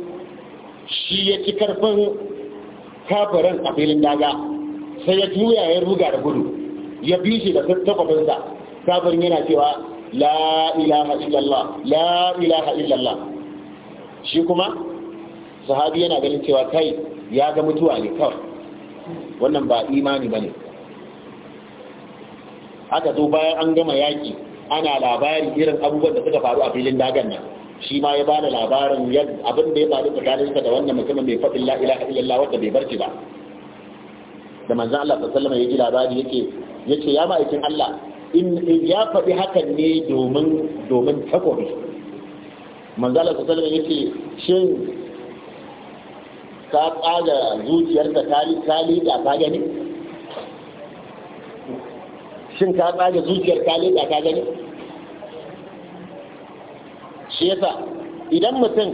shi ya ci karfin kafirin a filin daga sai ya juya ya ruga da gudu ya bi shi da takwabinsa yana cewa la ilaha illallah la illallah shi kuma sahabi yana ganin cewa kai ya ga mutuwa ne kawai wannan ba imani ba ne aka zo bayan an gama yaƙi ana labari irin abubuwan da suka faru a filin dagan nan shi ma ya bada labarin abin da ya faru tsakaninsa da wannan mutumin mai faɗin la ilaha illallah wanda bai barci ba da manzan Allah sallallahu alaihi ya ji labari yake yace ya ma'aikin Allah in ya faɗi hakan ne domin domin takobi Manzan Allah sallallahu alaihi ya ce shin ka tsaga zuciyarka ta da ka gani shin ka tsaga zuciyar tali da ka gani shi yasa idan mutum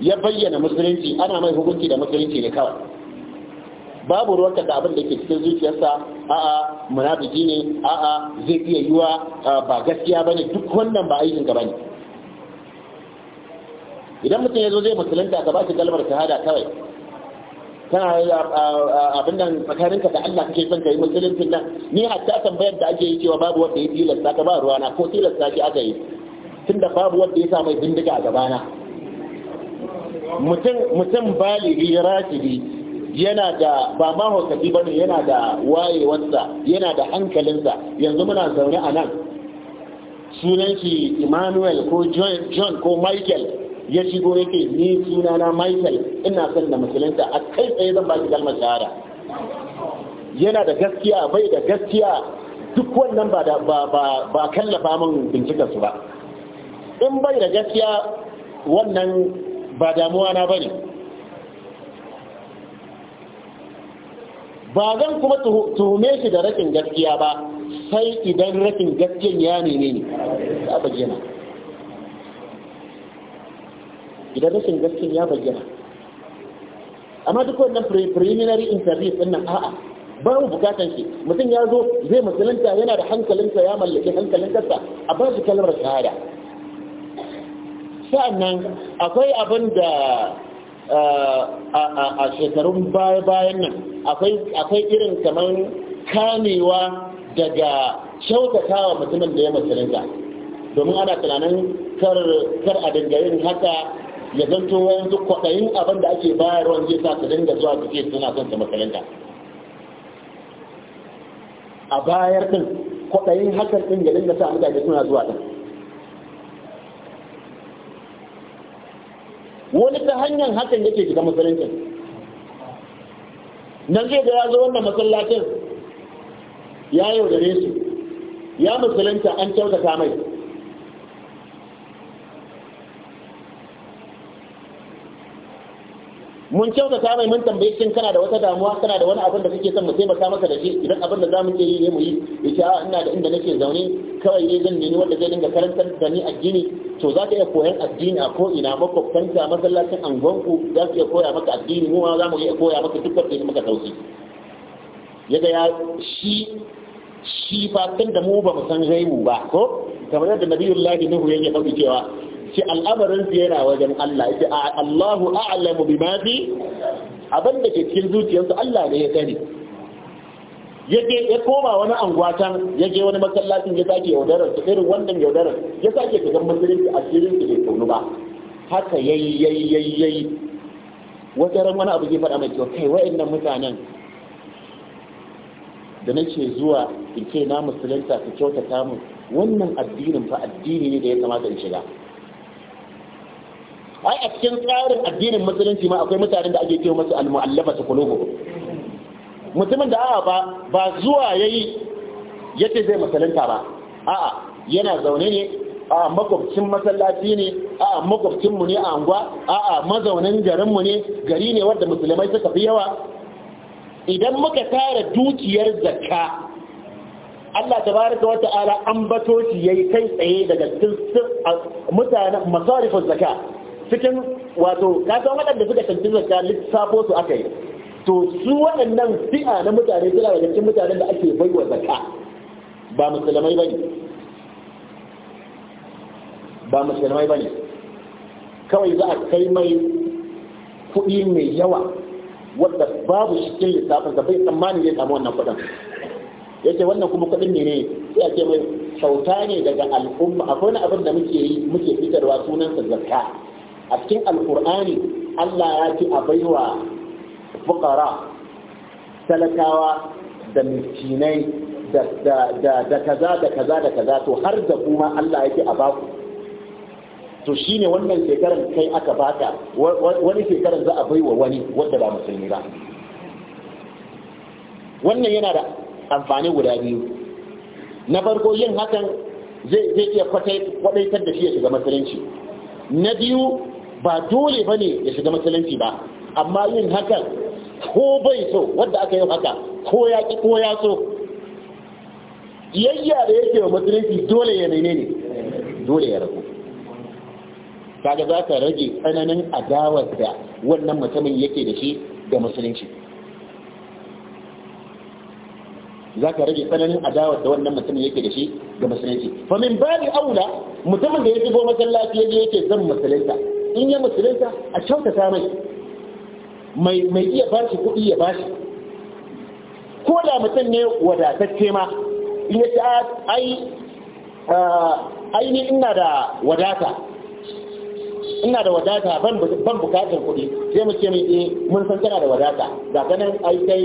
ya bayyana musulunci ana mai hukunci da musulunci ne kawai babu ruwan da abin da ke cikin zuciyarsa a'a munafiki ne a'a zai iya yiwa ba gaskiya ba ne, duk wannan ba aikin gaba ne. idan mutum ya zo zai musulunta ka ba shi kalmar shahada kawai kana abin nan tsakaninka da Allah kake son ka yi nan ni hatta tambayar da ake yi cewa babu wanda ya tilasta ka ba ruwana ko tilasta shi aka yi tunda babu wanda ya sa mai bindiga a gabana mutum mutum baligi rashidi yana da ba ma haukaci ba ne yana da wayewarsa yana da hankalinsa yanzu muna zaune a nan sunan shi emmanuel ko john ko michael ya shigo yake ni sunana michael ina son da musulunta a kai tsaye zan ba shi kalmar shahara yana da gaskiya bai da gaskiya duk wannan ba ba kallafa min bincika su ba in bai da gaskiya wannan ba damuwa na bane ba zan kuma tuhume shi da rakin gaskiya ba sai idan rakin gaskiyan ya ne ne ya bayyana idan rashin gaskiyan ya bayyana amma duk wannan preliminary interview din nan a'a babu bukatan shi mutum ya zo zai musulunta yana da hankalinsa ya mallaki hankalin kasa, a ba shi kalmar shahada sa'annan akwai abin da a shekarun baya-bayan nan akwai irin kamar kamewa daga kyautata wa mutumin da ya musulunta domin ana tunanin kar a dangayin haka ya zanto yanzu kwaɗayin abin da ake bayarwa zai sa su dinga zuwa suke suna son su musulunta a bayar din kwaɗayin hakan din ya dinga sa mutane suna zuwa ɗin wani ta hanyar hakan yake shiga masarautar na zai ga ya zo wannan masallacin ya yaudare su ya musulunta an kyautata mai mun kyautata mai mun tambaye cin kana da wata damuwa kana da wani abin da kake son mu taimaka maka da shi idan abin da zamu iya yi ne mu yi yace a ina da inda nake zaune kawai ne zan nemi wanda zai dinga karantar da ni addini to za ka iya koyan addini a ko ina makwabtanta masallacin angonku za su iya koya maka addini mu ma za mu iya koya maka duk wanda ya maka sauki yaga ya shi shi fa tun da mu ba mu san gaibu ba ko kamar yadda nabiyullahi nuhu yake faɗi cewa ce al'amarin su yana wajen Allah a Allahu a'lamu bima fi abinda da ke cikin zuciyarsu Allah ne ya sani ya koma wani angwatan ya je wani masallacin ya sake yaudarar su irin wannan yaudarar ya sake shigan musulunci a cikin su ke tonu ba haka yayi yayi yayi yayi wata ran wani abu ke faɗa mai kyau kai wa'annan mutanen da nake zuwa in ce na musulunta su kyautata mu wannan addinin fa addini ne da ya kamata in shiga ai a cikin tsarin addinin musulunci ma akwai mutanen da ake kiyo masu al-mu'allafa su kulubu mutumin da a'a ba ba zuwa yayi yace zai musulunta ba a'a yana zaune ne a makwabcin masallaci ne a makwabcin mu ne a angwa a'a mazaunin garin mu ne gari ne wanda musulmai suka fi yawa idan muka tara dukiyar zakka Allah tabaraka wa ta'ala an bato shi yayi kai tsaye daga cikin mutanen masarifin zakka cikin wato ka waɗanda suka tantu zaka lissafo su aka yi to su waɗannan fi'a na mutane suna daga cikin mutanen da ake baiwa zakka ba musulmai bane ba musulmai bane kawai za a kai mai kuɗi mai yawa wanda babu cikin lissafin da bai tsammani zai samu wannan kuɗin yace wannan kuma kuɗin ne ne sai a ce mai sauta ne daga al'umma akwai wani abin da muke yi muke fitarwa sunansa zakka a cikin alkur'ani Allah ya ce a baiwa fukara talakawa da miskinai da kaza da kaza da kaza to har da kuma Allah ya ce a baku to shi ne wannan shekarar kai aka baka wani shekarar za a baiwa wani wadda ba musulmi ba wannan yana da amfani guda biyu na farko yin hakan zai iya kwadaitar da shi ya shiga musulunci na biyu ba dole ba ne ya shiga matsalanci ba amma yin hakan ko bai so wadda aka yi haka ko ya ki ko ya so yayya da yake wa matsalanci dole ya nene ne dole ya rabu kaga za ka rage tsananin adawar da wannan mutumin yake da shi ga musulunci za ka rage tsananin adawar da wannan mutumin yake da shi ga musulunci fa min babi aula mutumin da ya shigo masallaci yake zan musulunta in yi musulunta a kyautata mai mai iya iya bashi kuɗi ya bashi ko da mutum ne wadatacce ma in yi ah, ai ah, aini ina da wadata ina da wadata ban bukatar kuɗi sai muke mai eh mun san tana da wadata ga ganin ai kai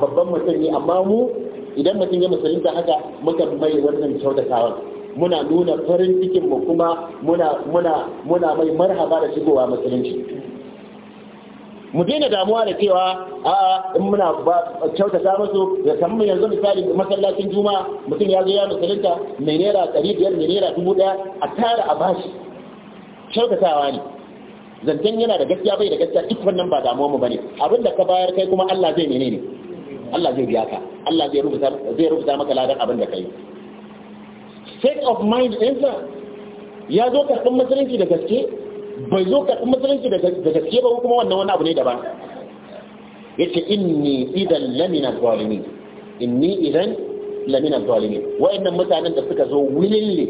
babban mutum ne amma mu idan mutum ya musulunta haka muka mai wannan kyautatawan muna nuna farin cikin mu kuma muna muna muna mai marhaba da shigowa musulunci mu daina damuwa da cewa a in muna kyautata musu san mu yanzu misali masallacin juma'a mutum ya zo ya musulunta mai naira ɗari biyar mai naira dubu ɗaya a tara a bashi kyautatawa ne zancen yana da gaskiya bai da gaskiya duk wannan ba damuwa mu bane abin da ka bayar kai kuma Allah zai menene Allah zai biya ka Allah zai rubuta zai rubuta maka ladan abin da kai state of mind ɗinsa ya zo karɓin musulunci da gaske bai zo karɓin musulunci da gaske ba kuma wannan wani abu ne daban ya ce inni idan lamina zalimi inni idan lamina zalimi wa'annan mutanen da suka zo willingly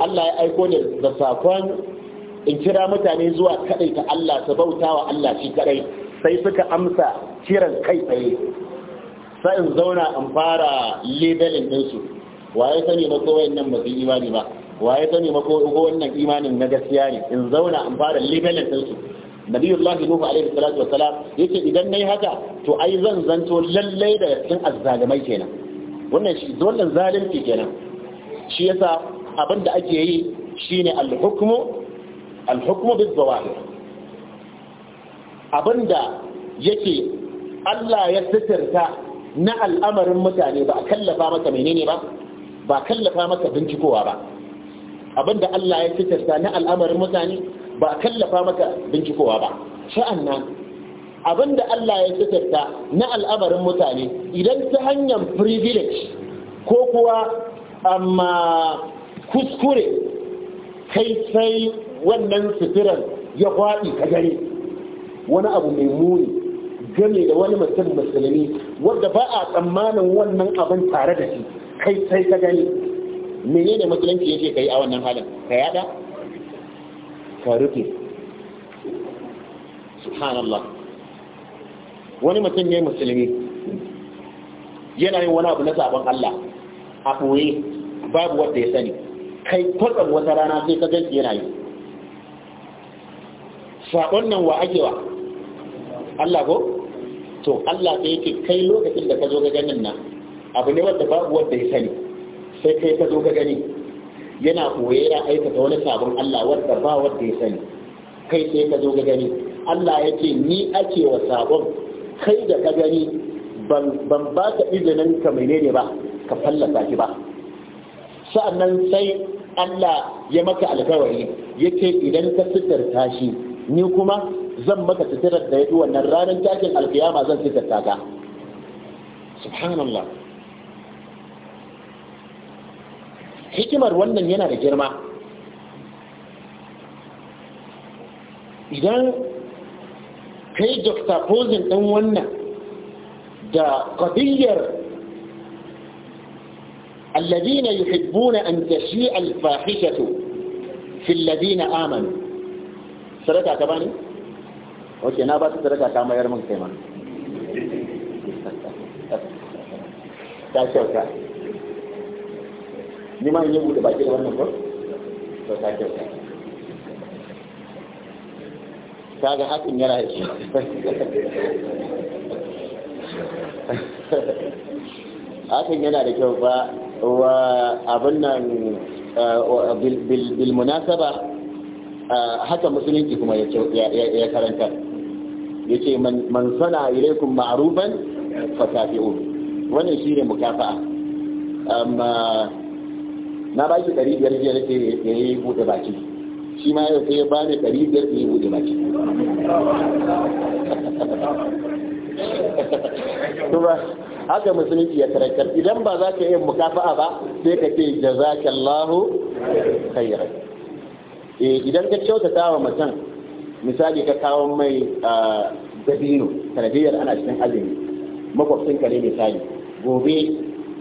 Allah ya aiko ne da sakon in kira mutane zuwa kaɗai ta Allah su bauta wa Allah shi kaɗai sai suka amsa kiran kai tsaye sai in zauna in fara labelin ɗinsu waye sani ba ko wayannan ba su imani ba waye sani ba ko wannan imanin na gaskiya ne in zauna in fara libelin din su nabiyullah nuhu alaihi salatu wassalam yake idan nayi haka to ai zan zanto lalle da cikin azzalimai kenan wannan shi dole zalunci kenan shi yasa abin da ake yi shine al-hukmu al-hukmu bil-zawahir abinda yake Allah ya sitirta na al'amarin mutane ba a kallafa maka menene ba ba kallafa maka bincikowa ba abinda Allah ya fitarta na al'amarin mutane ba kallafa maka bincikowa ba sha'an nan abinda Allah ya fitarta na al'amarin mutane idan ta hanyar privilege ko kuwa amma kuskure kai sai wannan suturan ya kwaɗi ka gare wani abu mai muni game da wani mutum musulmi wadda ba a tsammanin wannan abin tare da shi kai sai ka gani menene musulunci yake kai a wannan halin ka yada ka rufe subhanallah wani mutum ne musulmi yana yin wani abu na sabon Allah a koyi babu wanda ya sani kai kwatsam wata rana sai ka gani yana yi sabon nan wa ake wa Allah ko to Allah sai yake kai lokacin da ka zo ga ganin nan abu ne wanda babu wanda ya sani sai kai ka zo ka gani yana koye ya aikata wani sabon Allah wanda ba wanda ya sani kai sai ka zo ka gani Allah ya ce ni ake wa sabon kai da ka gani ban ba ka izinin ka menene ba ka fallasa shi ba sa'annan sai Allah ya maka alkawari yake idan ka sitarta shi ni kuma zan maka sitarar da ya wannan ranar takin alkiyama zan sitarta ka subhanallah hikimar wannan yana da girma idan ka yi juxtaposin ɗin wannan da ƙabiliyar alladina yi haibuna an tashi alfahishatu filladina amani saraka ka bani? ok na ba su saraka mayar mun kai ma ni ma in yi da baki da wannan ko to ta kyauta ta ga hakan yana yake hakan yana da kyau ba wa abin nan eh, bil munasaba eh, haka musulunci kuma ya karanta ya ce man sana ilaikum ma'rufan fatafi'un wannan shine mukafa amma na baki ɗari biyar jiya ke ya yi buɗe baki shi ma yau sai ya ba ne ɗari biyar ya yi buɗe baki kuma haka musulunci ya karantar idan ba za ka yi mukafa'a ba sai ka ce lahu khairan eh, idan ka kyautata wa mutum misali ka kawo mai gabino sanadiyar ana cikin azumi makwabcin ka misali gobe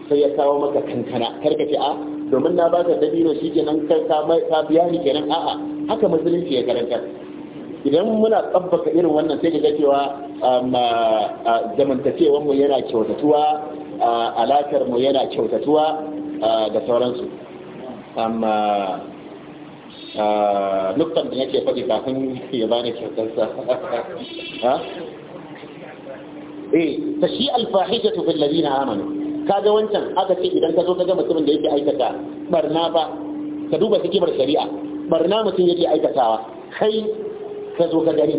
sai ya kawo maka kankana karkace a ah, domin na baka dabino shi kenan kai ka biya ni kenan a'a haka musulunci ya karantar idan muna tsabbaka irin wannan sai ga cewa um, uh, uh, zamantakewar mu yana kyautatuwa uh, alakar mu yana kyautatuwa da sauransu amma um, nuktan da faɗi kafin ya bani kyautarsa eh ta shi alfahijatu tufin ladina amanu kaga wancan aka ce idan ka zo ka ga mutumin da yake aikata barna ba ka duba hikimar shari'a barna mutum yake aikatawa kai ka zo ka gani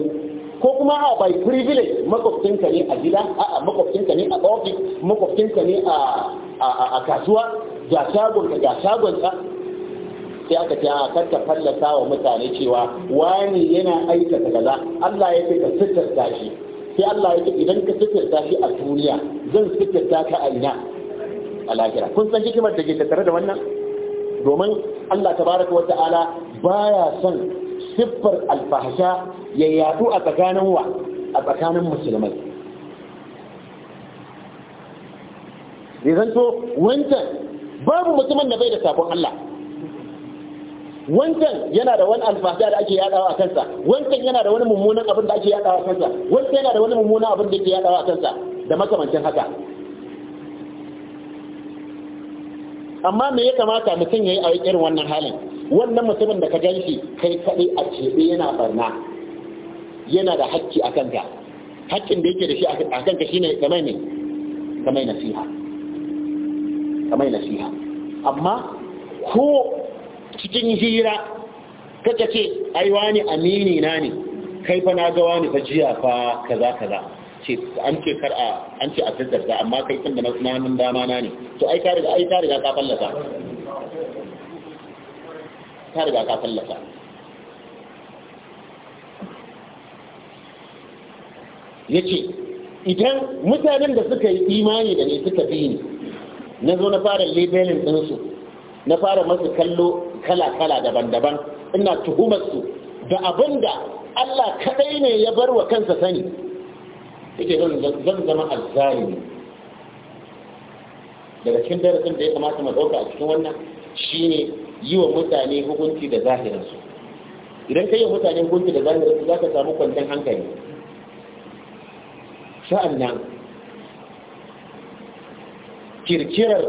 ko kuma a by privilege makwabcinka ne a gida a makwabcinka ne a office makwabcinka ne a kasuwa ga shagon ka ga shagon ka sai aka ce a kar fallasa wa mutane cewa wani yana aikata kaza Allah ya ce ka sitar shi sai Allah ya ce idan ka sitar shi a duniya zan sitarta ka a ina a lahira kun san hikimar da ke tattare da wannan domin Allah tabaraka wata'ala baya son siffar alfahasha ya yadu a tsakanin wa a tsakanin musulmai rizanto wancan babu mutumin da bai da sabon Allah wancan yana da wani alfahda da ake yadawa a kansa wancan yana da wani mummunan abin da ake yadawa a kansa wancan yana da wani mummunan abin da ake yadawa a kansa da makamancin haka amma me ya kamata mutum ya yi a irin wannan halin wannan mutumin da ka gan shi kai kaɗai a keɓe yana barna yana da hakki a kanka hakkin da yake da shi a kanka ne kamai ne kamar nasiha na nasiha amma ko cikin hira kaka ce ai wani amini na ne kai fa na ga wani fa jiya fa kaza kaza ce an ce kar a an ce a tazzarza amma kai tun da na hannun dama na ne to ai ka riga ai ka riga ka fallasa ka ka fallasa ce idan mutanen da suka yi imani da ne suka bi ni na zo na fara labelin ɗinsu na fara masu kallo kala-kala daban-daban ina tuhumarsu da abin da Allah kaɗai ne ya bar wa kansa sani yake zan zama azzalimi daga cikin darasin da ya kamata mu ɗauka a cikin wannan shine yi wa mutane hukunci da zahirinsu idan ka yi wa mutane hukunci da zahirinsu za ka samu kwanton hankali sa'annan kirkirar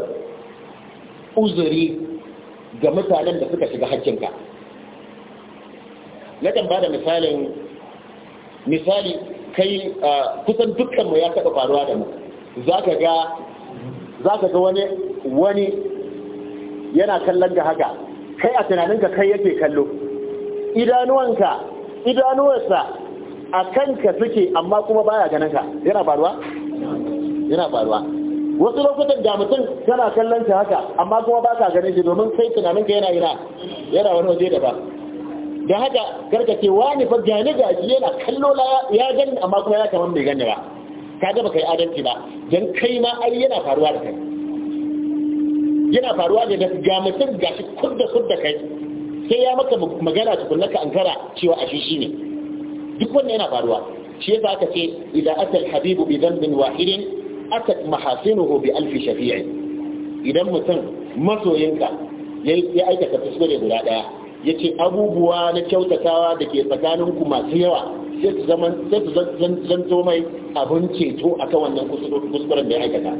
uzuri ga mutanen da suka shiga hakkinka na kan ba da misalin misali kai kusan dukkan mu ya taɓa faruwa da mu za ka ga wani wani yana kallon da haka kai a tunaninka kai yake kallo idanuwanka idanuwarsa a kanka suke amma kuma baya ganin ka yana faruwa yana faruwa wasu lokutan da mutum kana kallon ta haka amma kuma ba ka ganin shi domin sai tunaninka yana yana yana wani waje da ba da haka karka ce wani fa gani gashi yana kallo ya gani amma kuma ya kamar mai gani ba ka ga kai yi adalci ba dan kai ma ai yana faruwa da kai yana faruwa da ga mutum gashi kudda kudda kai sai ya maka magana tukunna ka ankara cewa a shi ne duk wannan yana faruwa shi yasa aka ce idan atal habibu bi dhanbin wahidin atat mahasinuhu bi alf shafi'i idan mutum masoyinka ya aikata kuskure guda daya Ya ce abubuwa na kyautatawa da ke tsakaninku masu yawa sai su zanto mai abin ceto a kan wannan kuskuren da ya aikata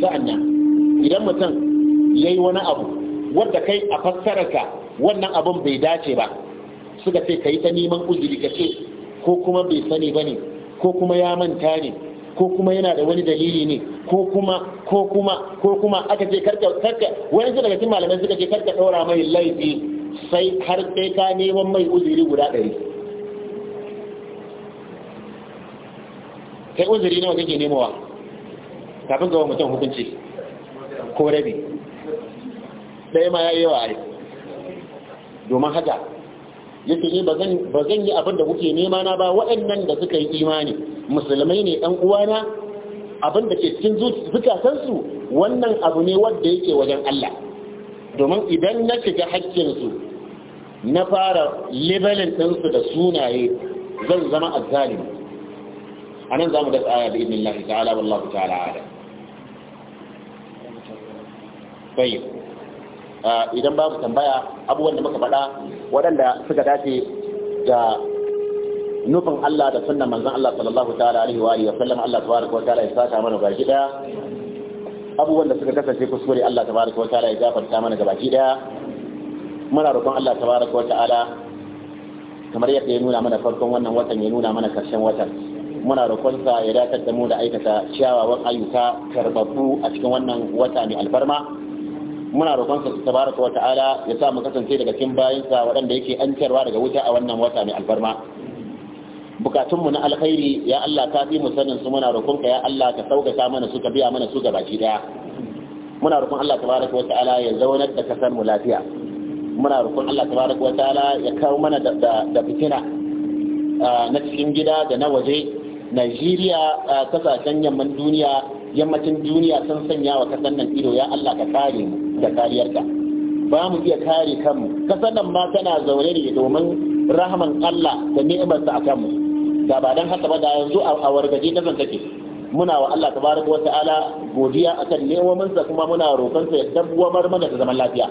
sa'annan idan mutum ya yi wani abu wadda kai a fassararka wannan abin bai dace ba suka ce ka yi ta neman uzuri ka ce ko kuma bai sani ba ne ko kuma ya manta ne ko kuma yana da wani dalili ne ko kuma ko kuma ko kuma aka ce karka karka wani daga cikin malamai suka ce karka daura mai laifi sai har sai ka neman mai uzuri guda ɗari kai uzuri nawa kake nemawa kafin ga mutum hukunci ko rabi ɗaya ma ya yi yawa a domin haka yake eh, ba zan zan yi abinda kuke nema na ba waɗannan da suka yi imani musulmai ne ɗan uwana abin da ke cikin zukatansu wannan abu ne wanda yake wajen Allah domin idan na shiga haƙƙinsu na fara labelin ɗinsu da sunaye zan zama azzalimi a nan za mu da tsaya da ibn Allah ta'ala wallahu ta'ala adam idan babu tambaya abubuwan da muka faɗa waɗanda suka dace da nufin Allah da sunnan manzon Allah sallallahu ta'ala alaihi wa alihi wa sallam Allah tabaraka wa ta'ala ya saka mana baki daya abubuwan da suka kasance kuskure Allah tabaraka wa ta'ala ya gafarta mana gabaki daya muna roƙon Allah tabaraka wa ta'ala kamar yadda ya nuna mana farkon wannan watan ya nuna mana karshen watan muna roƙon sa ya dakatar da mu da aikata wa ayyuka karbabu a cikin wannan wata mai alfarma muna roƙonsa su tabaraka wa ta'ala ya sa mu kasance daga cikin bayansa waɗanda yake an ancarwa daga wuta a wannan wata mai alfarma bukatunmu na alkhairi ya Allah ka fi mu sanin su muna roƙonka ya Allah ka sauƙaƙa mana su ka biya mana su gabaki daya muna roƙon Allah tabaraka wa ta'ala ya zaunar da kasar mu lafiya muna roƙon Allah tabaraka wa ta'ala ya kawo mana da fitina ah, na cikin gida da na waje Najeriya ah, kasashen yamman duniya yammacin duniya sun sanya wa kasar nan ido ya Allah ka kare mu da ka ba mu iya kare kanmu kasar nan ma tana zaune ne domin rahaman Allah da ni'imarsa a kanmu da ba dan haka ba da yanzu a wargaje ta take muna wa Allah tabaraka wa ta'ala godiya akan sa kuma muna roƙon sa ya dawwamar mana da zaman lafiya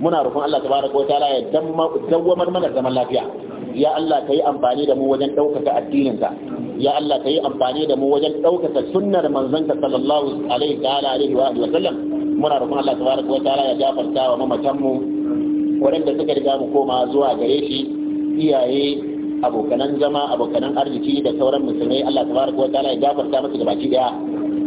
muna roƙon Allah tabaraka wa ta'ala ya dawwamar mana da zaman lafiya ya Allah ka yi amfani da mu wajen ɗaukaka addininka ya Allah ka yi amfani da mu wajen ɗaukaka sunnar manzanka sallallahu alaihi wa alihi wa sallam muna roƙon Allah tabaraka wa ta'ala ya gafarta wa mamatan mu waɗanda suka riga mu koma zuwa gare shi iyaye abokanan zama abokanan arziki da sauran musulmai Allah tabaraka wa ta'ala ya gafarta musu da baki daya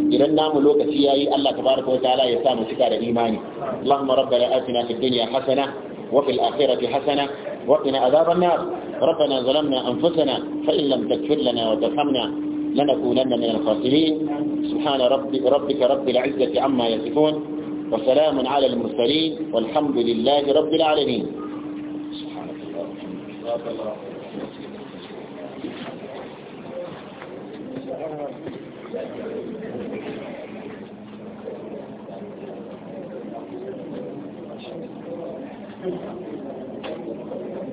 idan namu lokaci yayi Allah tabaraka wa ta'ala ya sa mu cika da imani Allahumma rabbana atina fid dunya hasana وفي الآخرة حسنة وقنا عذاب النار ربنا ظلمنا أنفسنا فإن لم تكفر لنا وترحمنا لنكونن من الخاسرين سبحان رب ربك رب العزة عما يصفون وسلام على المرسلين والحمد لله رب العالمين سبحانك وبحمدك Thank you.